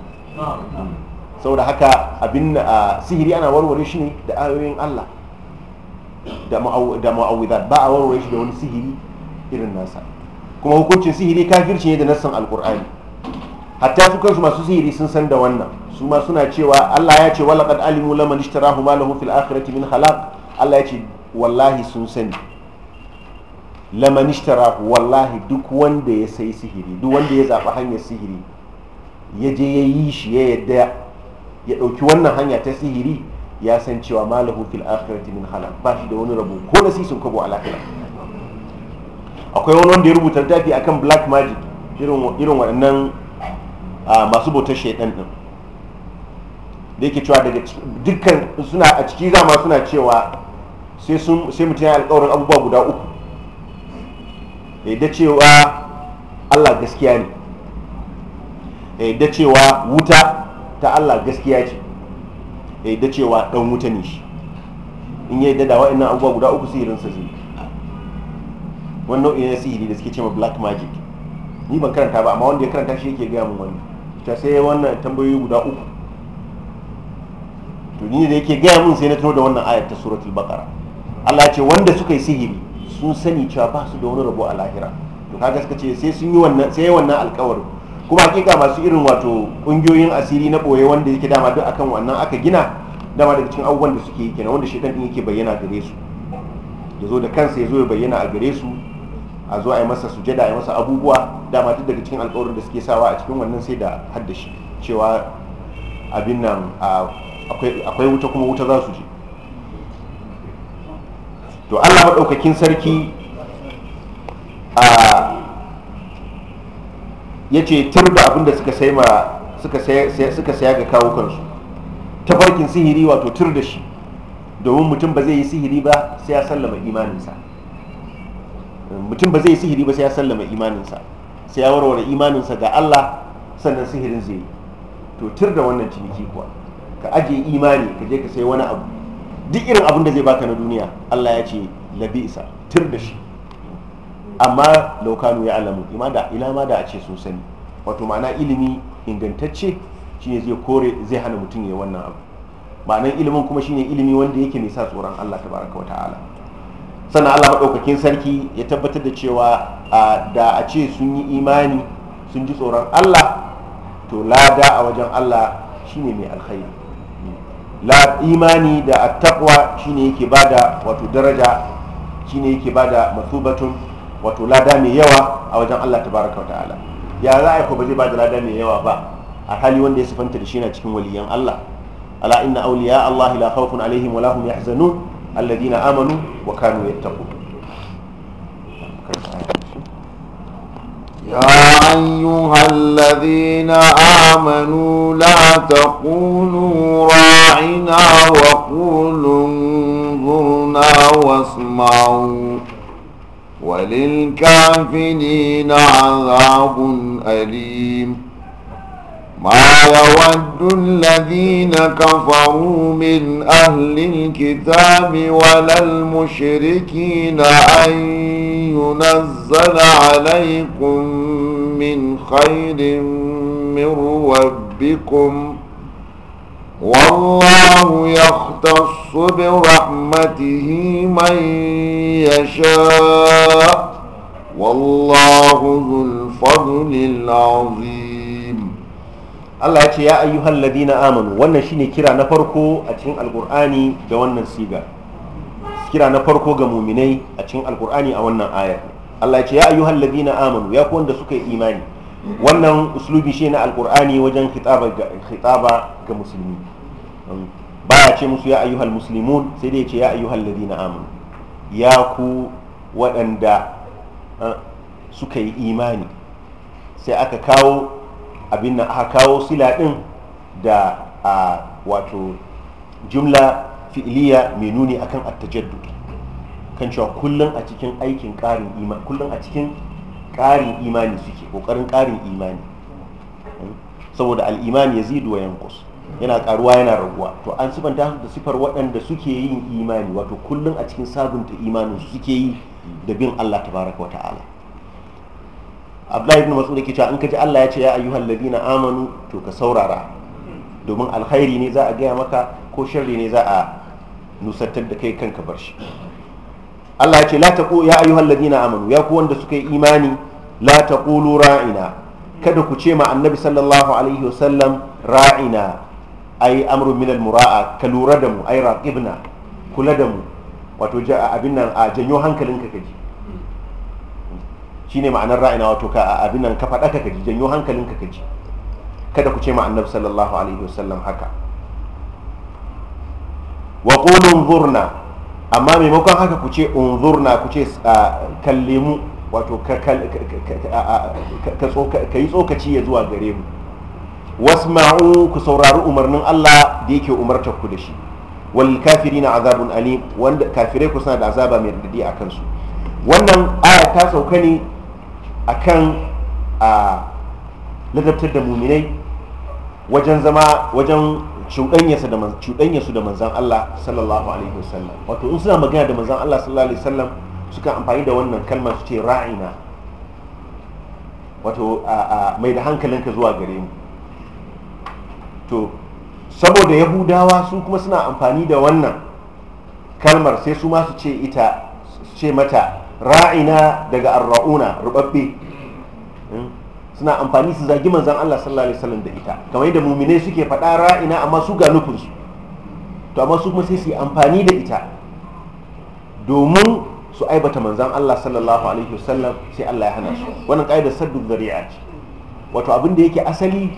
saboda haka abin sihiri ana warware shi ne da ayoyin Allah da ma'awudat ba a warware shi da wani sihiri irin nasa kuma hukuncin sihiri kafirci ne da nassan alkur'ani hatta su kansu masu sihiri sun san da wannan su ma suna cewa Allah ya ce walaqad alimu laman ishtarahu ma lahu fil akhirati min khalaq Allah ya ce wallahi sun sani laman ishtara wallahi duk wanda ya sai sihiri duk wanda ya zaɓi hanyar sihiri ya je ya yi shi ya yadda ya ɗauki wannan hanya ta sihiri ya san cewa malahu fil akhirati min hala ba shi da wani rabo ko nasisin sisin kwabo a lafiya akwai wani wanda ya rubuta littafi akan black magic irin waɗannan masu bautar shaidan din da yake cewa daga dukkan suna a ciki zama suna cewa sai mutum ya alƙawarin abubuwa guda uku da cewa Allah gaskiya ne da cewa wuta ta Allah gaskiya ce da cewa dan wuta ne shi in yi da dawa ina abubuwa guda uku sa zai wani nau'in ya sihiri da suke cewa black magic ni ban karanta ba amma wanda ya karanta shi yake gaya mun wani ta sai wannan tambayoyi guda uku to ni da yake gaya mun sai na tuno da wannan ayat ta suratul baqara Allah ya ce wanda suka yi sihiri sun sani cewa ba su da wani rabo a lahira to ka gaska ce sai sun yi wannan sai wannan alƙawarin kuma hakika masu irin wato kungiyoyin asiri na boye wanda yake dama duk akan wannan aka gina dama daga cikin abubuwan da suke yi kenan wanda shaitan din yake bayyana gare su ya zo da kansa ya zo ya bayyana a gare su a zo a yi masa sujada a yi masa abubuwa dama duk daga cikin alƙawarin da suke sawa a cikin wannan sai da haddashi cewa abin nan akwai wuta kuma wuta za su je to allah maɗaukakin sarki a ya ce tur da abin da suka saya ga kawo kansu tafarkin sihiri wato tur da shi domin mutum ba zai yi sihiri ba sai ya sallama imaninsa mutum ba zai yi sihiri ba sai ya sallama imaninsa sai ya warware imaninsa ga allah sannan sihirin zai yi to tur da wannan ciniki kuwa ka ajiye imani ka je ka sai wani abu duk irin abin da zai baka na duniya Allah ya ce labisa tir da shi amma laukanu ya alamu ila ma da a ce sun sani wato ma'ana ilimi ingantacce shine zai kore zai hana mutum ya wannan abu ma'anan ilimin kuma shine ilimi wanda yake nisa tsoron Allah tabaraka wa ta'ala sannan Allah maɗaukakin sarki ya tabbatar da cewa da a ce sun yi imani sun ji tsoron Allah to lada a wajen Allah shine mai alkhairi la imani da attaqwa shine yake bada wato daraja shine yake bada masubatun wato lada mai yawa a wajen Allah tabaraka wa ta'ala ya za a ko ba zai bada lada mai yawa ba a hali wanda ya sifanta da shi na cikin waliyan Allah ala inna awliya Allah la khawfun alaihim wa la yahzanun alladhina amanu wa kanu yattaqun يا أيها الذين آمنوا لا تقولوا راعنا وقولوا انظرنا واسمعوا وللكافرين عذاب أليم ما يود الذين كفروا من أهل الكتاب ولا المشركين أن ينزل عليكم من خير من ربكم والله يختص برحمته من يشاء والله ذو الفضل العظيم Allah ce ya ayyuhal ladina amanu wannan shine kira na farko a cikin alkur'ani da wannan siga kira na farko ga muminai a cikin alkur'ani a wannan ayar Allah ce ya amanu ya ku wanda suka yi imani wannan uslubi shi na alkur'ani wajen khitaba ga musulmi baya ce musu ya ayyuhal muslimun sai dai ce ya ayyuhal ladina amanu ya ku waɗanda suka yi imani sai aka kawo abin na aka kawo sila ɗin da a wato jumla fi'iliya mai nuni akan attajaddud kan cewa kullum a cikin aikin ƙarin imani kullum a cikin ƙarin imani suke ƙoƙarin ƙarin imani saboda al'imani ya zidu wa yankus yana karuwa yana raguwa to an sifanta da sifar waɗanda suke yin imani wato kullum a cikin sabunta imanin su suke yi da bin Allah tabaraka wa ta'ala Abdullahi ibn Mas'ud yake cewa in ka Allah ya ce ya ayyuhal ladina amanu to ka saurara domin alkhairi ne za a gaya maka ko sharri ne za a nusantar da kai kanka bar shi Allah ya ce la taqu ya ayyuhal ladina amanu ya ku wanda suka yi imani la taqulu ra'ina kada ku ce ma annabi sallallahu alaihi wasallam ra'ina ai amru minal mura'a ka lura da mu ai raqibna kula da mu wato abin nan a janyo hankalinka ka ji shine ma'anar ra'ina wato ka abin nan ka faɗa ka ji janyo hankalinka ka ji kada ku ce ma annabi sallallahu alaihi wasallam haka wa qulu unzurna amma maimakon haka ku ce unzurna ku ce kalle mu wato ka yi tsokaci ya zuwa gare mu wasma'u ku saurari umarnin Allah da yake umartar ku da shi wal na azabun alim wanda kafirai ku suna da azaba mai daɗi a kansu wannan aya ta sauka ne akan a ladabtar da muminai wajen zama wajen cuɗanya su da manzan Allah sallallahu alaihi wasallam wato in suna magana da manzan Allah sallallahu alaihi wasallam suka amfani da wannan kalmar su ce ra'ina wato mai da hankalinka zuwa gare mu to saboda yahudawa su kuma suna amfani da wannan kalmar sai su masu ce ita ce mata ra'ina daga arra'una rubabbe hmm? suna amfani su zagi manzan Allah sallallahu alaihi wasallam da ita kamar yadda mumine suke faɗa ra'ina amma su ga su to amma su kuma sai su yi amfani da ita domin su aibata manzan Allah sallallahu alaihi wasallam sai Allah ya hana su wannan ƙa'idar saddu zari'a ce wato abin da yake asali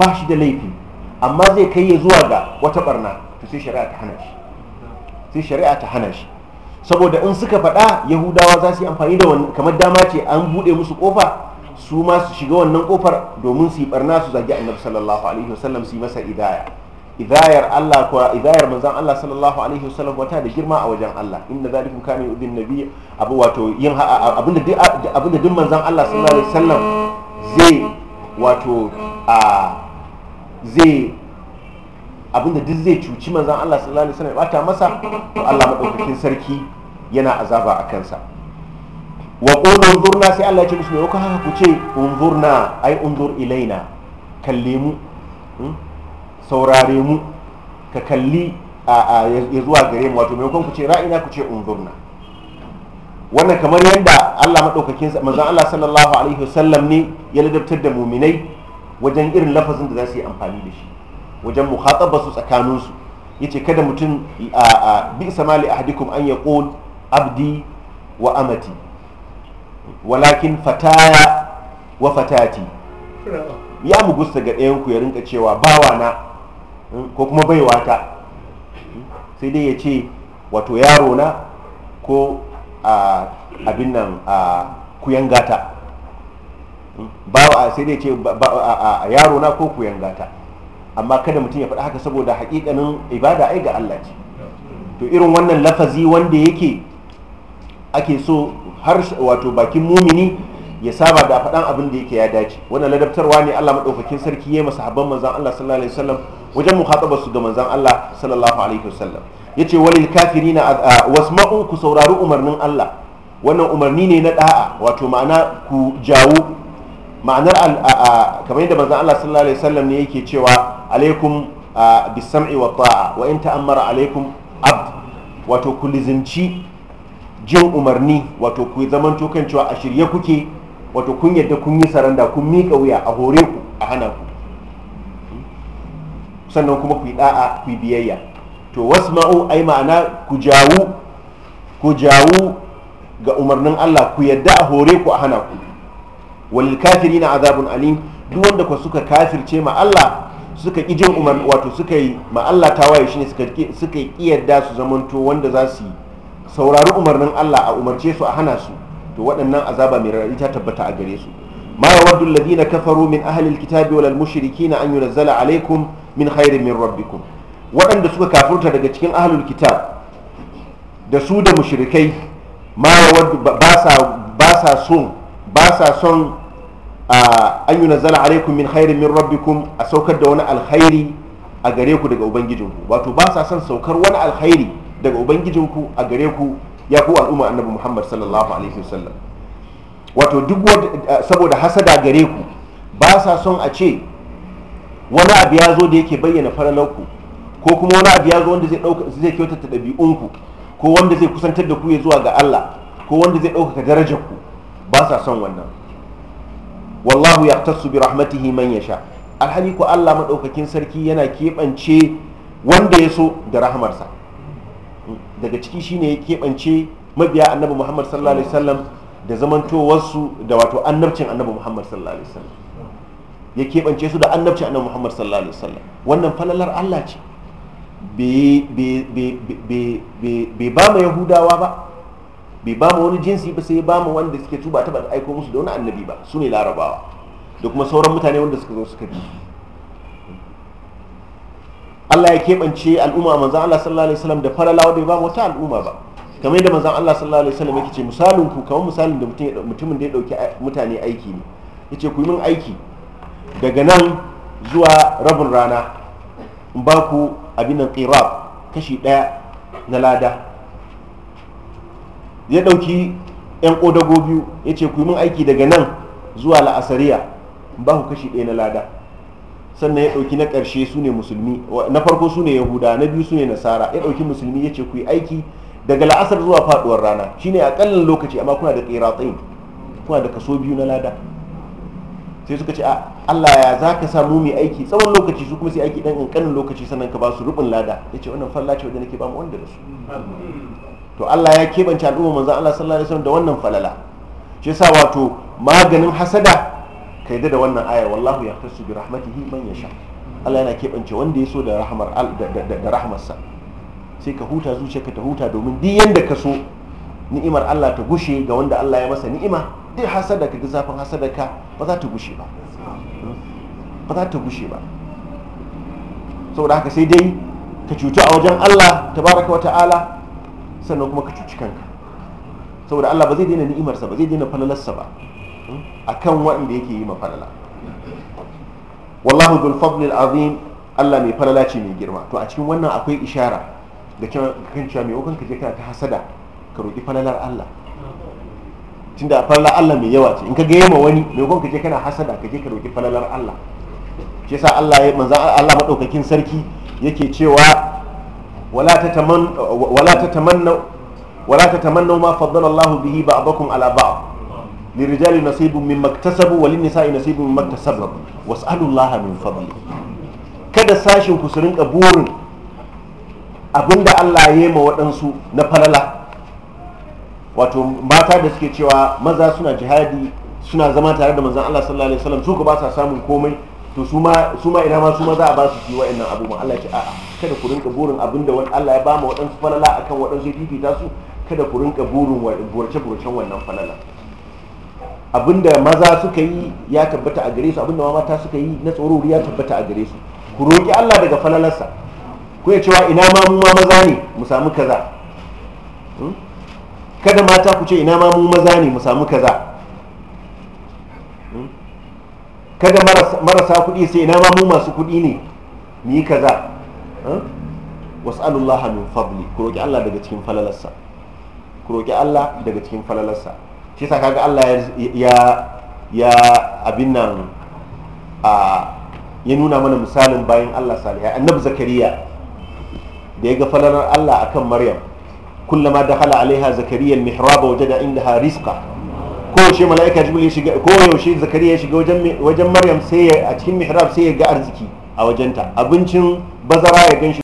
ba shi da laifi amma zai kai ya zuwa ga wata barna to sai shari'a ta hana shi sai shari'a ta hana shi saboda in suka faɗa yahudawa za su yi amfani da wani kamar dama ce an buɗe musu kofa su ma su shiga wannan kofar domin su yi barna su zagi annabi sallallahu alaihi wasallam su yi masa idaya idayar Allah ko idayar manzon Allah sallallahu alaihi wasallam wata da girma a wajen Allah inna zalikum kana yudin nabi abu wato yin abinda duk abinda duk manzon Allah sallallahu alaihi wasallam zai wato a zai abinda duk zai cuci manzan Allah sallallahu alaihi wasallam ya bata masa to Allah madaukakin sarki yana azaba a kansa wa qul unzurna sai Allah ya ce musu ne haka ku ce unzurna ai unzur ilaina kalle mu hmm, saurare mu ka kalli ya zuwa gare mu wato maimakon ku ce ra'ina ku ce unzurna wannan kamar yadda Allah madaukakin manzan Allah sallallahu alaihi wasallam ne ya ladabtar da muminai wajen irin lafazin da za su yi amfani da shi wajen mukhataba su tsakaninsu yace kada mutum a bi samali ahdikum an yaqul abdi wa amati walakin fataya wa fatati ya mu gusta ga ɗayan ku ya rinka cewa na hmm, ko kuma ta sai dai ya ce wato yaro na ko abin nan a kuyan gata. bawa sai dai ce yaro na ko ku yangata amma kada mutum ya faɗi haka saboda haƙiƙanin ibada ai ga Allah ce to irin wannan lafazi wanda yake ake so har wato bakin mumini ya saba da faɗan abin da yake ya dace wannan ladabtarwa ne Allah madaukakin sarki ya masa habban manzon Allah sallallahu alaihi wasallam wajen muhataba su ga manzon Allah sallallahu alaihi wasallam yace walil kafirina wasma'u ku saurari umarnin Allah wannan umarni ne na da'a wato ma'ana ku jawo ma'anar kamar yadda manzon Allah sallallahu alaihi wasallam ne yake cewa alaikum bisam'i wa ta'a wa in ta'ammara alaikum abd wato ku lizinci jin umarni wato ku zamanto kan cewa a shirye kuke wato kun yadda kun yi saranda kun mika wuya a hore ku a hana ku sannan kuma ku yi da'a ku yi biyayya to wasma'u ai ma'ana ku jawu ku jawu ga umarnin Allah ku yadda a hore ku a hana ku kafiri na azabun alim duk wanda ko suka kafirce ma Allah suka ki jin umar wato suka yi ma Allah ta waye shine suka suka ki yadda su zamanto wanda za su yi saurari umarnin Allah a umarce su a hana su to waɗannan azaba mai rarrabi ta tabbata a gare su ma yawaddu alladhina kafaru min ahli alkitabi wal mushrikina an yunzala alaikum min khairin min rabbikum waɗanda suka kafurta daga cikin ahlul kitab da su da mushrikai ma yawaddu ba sa ba sa son ba sa son an yi nazala alaikum min khairin min rabbikum a saukar da wani alkhairi a gare ku daga ubangijinku wato ba sa son saukar wani alkhairi daga ubangijinku a gare ku ya ku al'umma annabi muhammad sallallahu alaihi wasallam wato duk saboda hasada gare ku ba sa son a ce wani abu ya zo da yake bayyana faralarku ko kuma wani abu ya zo wanda zai kyautata ɗabi'unku ko wanda zai kusantar da ku ya zuwa ga allah ko wanda zai ɗaukaka darajar ku ba sa son wannan wallahu ya tasu bi rahmatihi man yasha alhali ko Allah madaukakin sarki yana keɓance wanda ya so da rahmarsa daga ciki shine ya keɓance mabiya annabi Muhammad sallallahu alaihi wasallam da zamantowarsu da wato annabcin annabi Muhammad sallallahu alaihi wasallam ya keɓance su da annabcin annabi Muhammad sallallahu alaihi wasallam wannan falalar Allah ce bai ba ma yahudawa ba bai ba mu wani jinsi ba sai ba mu wanda suke tuba ta ba aiko musu da wani annabi ba su ne larabawa da kuma sauran mutane wanda suka zo suka bi Allah ya keɓance al'umma manzan Allah sallallahu alaihi wasallam da falala wanda ba wata al'umma ba kamar yadda manzan Allah sallallahu alaihi wasallam yake ce misalin ku kamar misalin da mutumin da ya dauki mutane aiki ne yace ku yi min aiki daga nan zuwa rabin rana in ba ku abin nan qirab kashi daya na lada zai ɗauki 'yan ƙodago biyu ya ce ku yi aiki daga nan zuwa la'asariya ba ku kashi ɗaya na lada sannan ya ɗauki na ƙarshe su ne musulmi na farko su ne yahuda na biyu su ne nasara ya ɗauki musulmi ya ce ku yi aiki daga la'asar zuwa faɗuwar rana shine aƙallin lokaci amma kuna da ƙiratsayin kuna da kaso biyu na lada sai suka ce Allah ya za ka samu mai aiki tsawon lokaci su kuma sai aiki ɗan ƙanƙanin lokaci sannan ka ba su rubin lada ya ce wannan falla ce wanda nake ba mu wanda da su to Allah ya keɓance al'umma manzan Allah sallallahu alaihi wasallam da wannan falala shi yasa wato maganin hasada ka da wannan aya wallahu ya yahtassu bi rahmatihi man yasha Allah yana keɓance wanda ya so da rahmar da rahmarsa sai ka huta zuciya ka ta huta domin duk yanda ka so ni'imar Allah ta gushe ga wanda Allah ya masa ni'ima duk hasada ka ga zafin hasada ka ba za ta gushe ba ba za ta gushe ba saboda haka sai dai ka cutu a wajen Allah tabaraka wa ta'ala sannan kuma ka cuci kanka saboda Allah ba zai daina ni'imarsa ba zai daina falalarsa ba hmm, akan waɗanda yake yi ma falala wallahu dhul fadl azim Allah mai falala ce mai girma to a cikin wannan akwai ishara da kan cewa mai ukan ka je kana ta hasada ka roki falalar Allah tunda falalar Allah mai yawa ce in ka ga yema wani mai ukan ka je kana hasada ka je ka roki falalar Allah shi yasa Allah ya manzo Allah madaukakin sarki yake cewa wala tataman wala tatamanna wala tatamanna ma faddala Allahu bihi ba'dakum ala ba'd للرجال نصيب مما اكتسبوا وللنساء نصيب مما اكتسبوا واسالوا الله من فضله kada sashin ku su rinka burin da Allah ya yi ma waɗansu na falala wato mata da suke cewa maza suna jihadi suna zama tare da mazan Allah sallallahu alaihi wasallam su ba sa samun komai to su ma ina ma su ma za a ba su fi wa'annan abubuwan Allah ya ce a'a kada ku rinka burin abin da Allah ya ba mu waɗansu falala akan waɗansu ya fifita su kada ku rinka burin burce burcen wannan falala abinda maza suka yi ya tabbata a gare su ma mata suka yi na tsorori ya tabbata a gare su ku roƙi Allah daga falalarsa ku ya cewa ina ma mu ma maza ne mu samu kaza hmm? kada mata ku ce ina ma mu maza ne mu samu kaza kada marasa kuɗi sai ina ma mu masu kuɗi ne mu yi kaza was'alullaha min fadli ku roki Allah daga cikin falalarsa ku roki Allah daga cikin falalarsa shi yasa kaga Allah ya ya abin nan a ya nuna mana misalin bayan Allah salihai annabi zakariya da ya ga falalar Allah akan maryam kullama dakhala alaiha zakariya al-mihraba wajada indaha rizqa kowace mala'ika jibril ya shiga ko yaushe zakariya ya shiga wajen maryam sai a cikin mihrab sai ya ga arziki a wajenta abincin bazara ya ganshi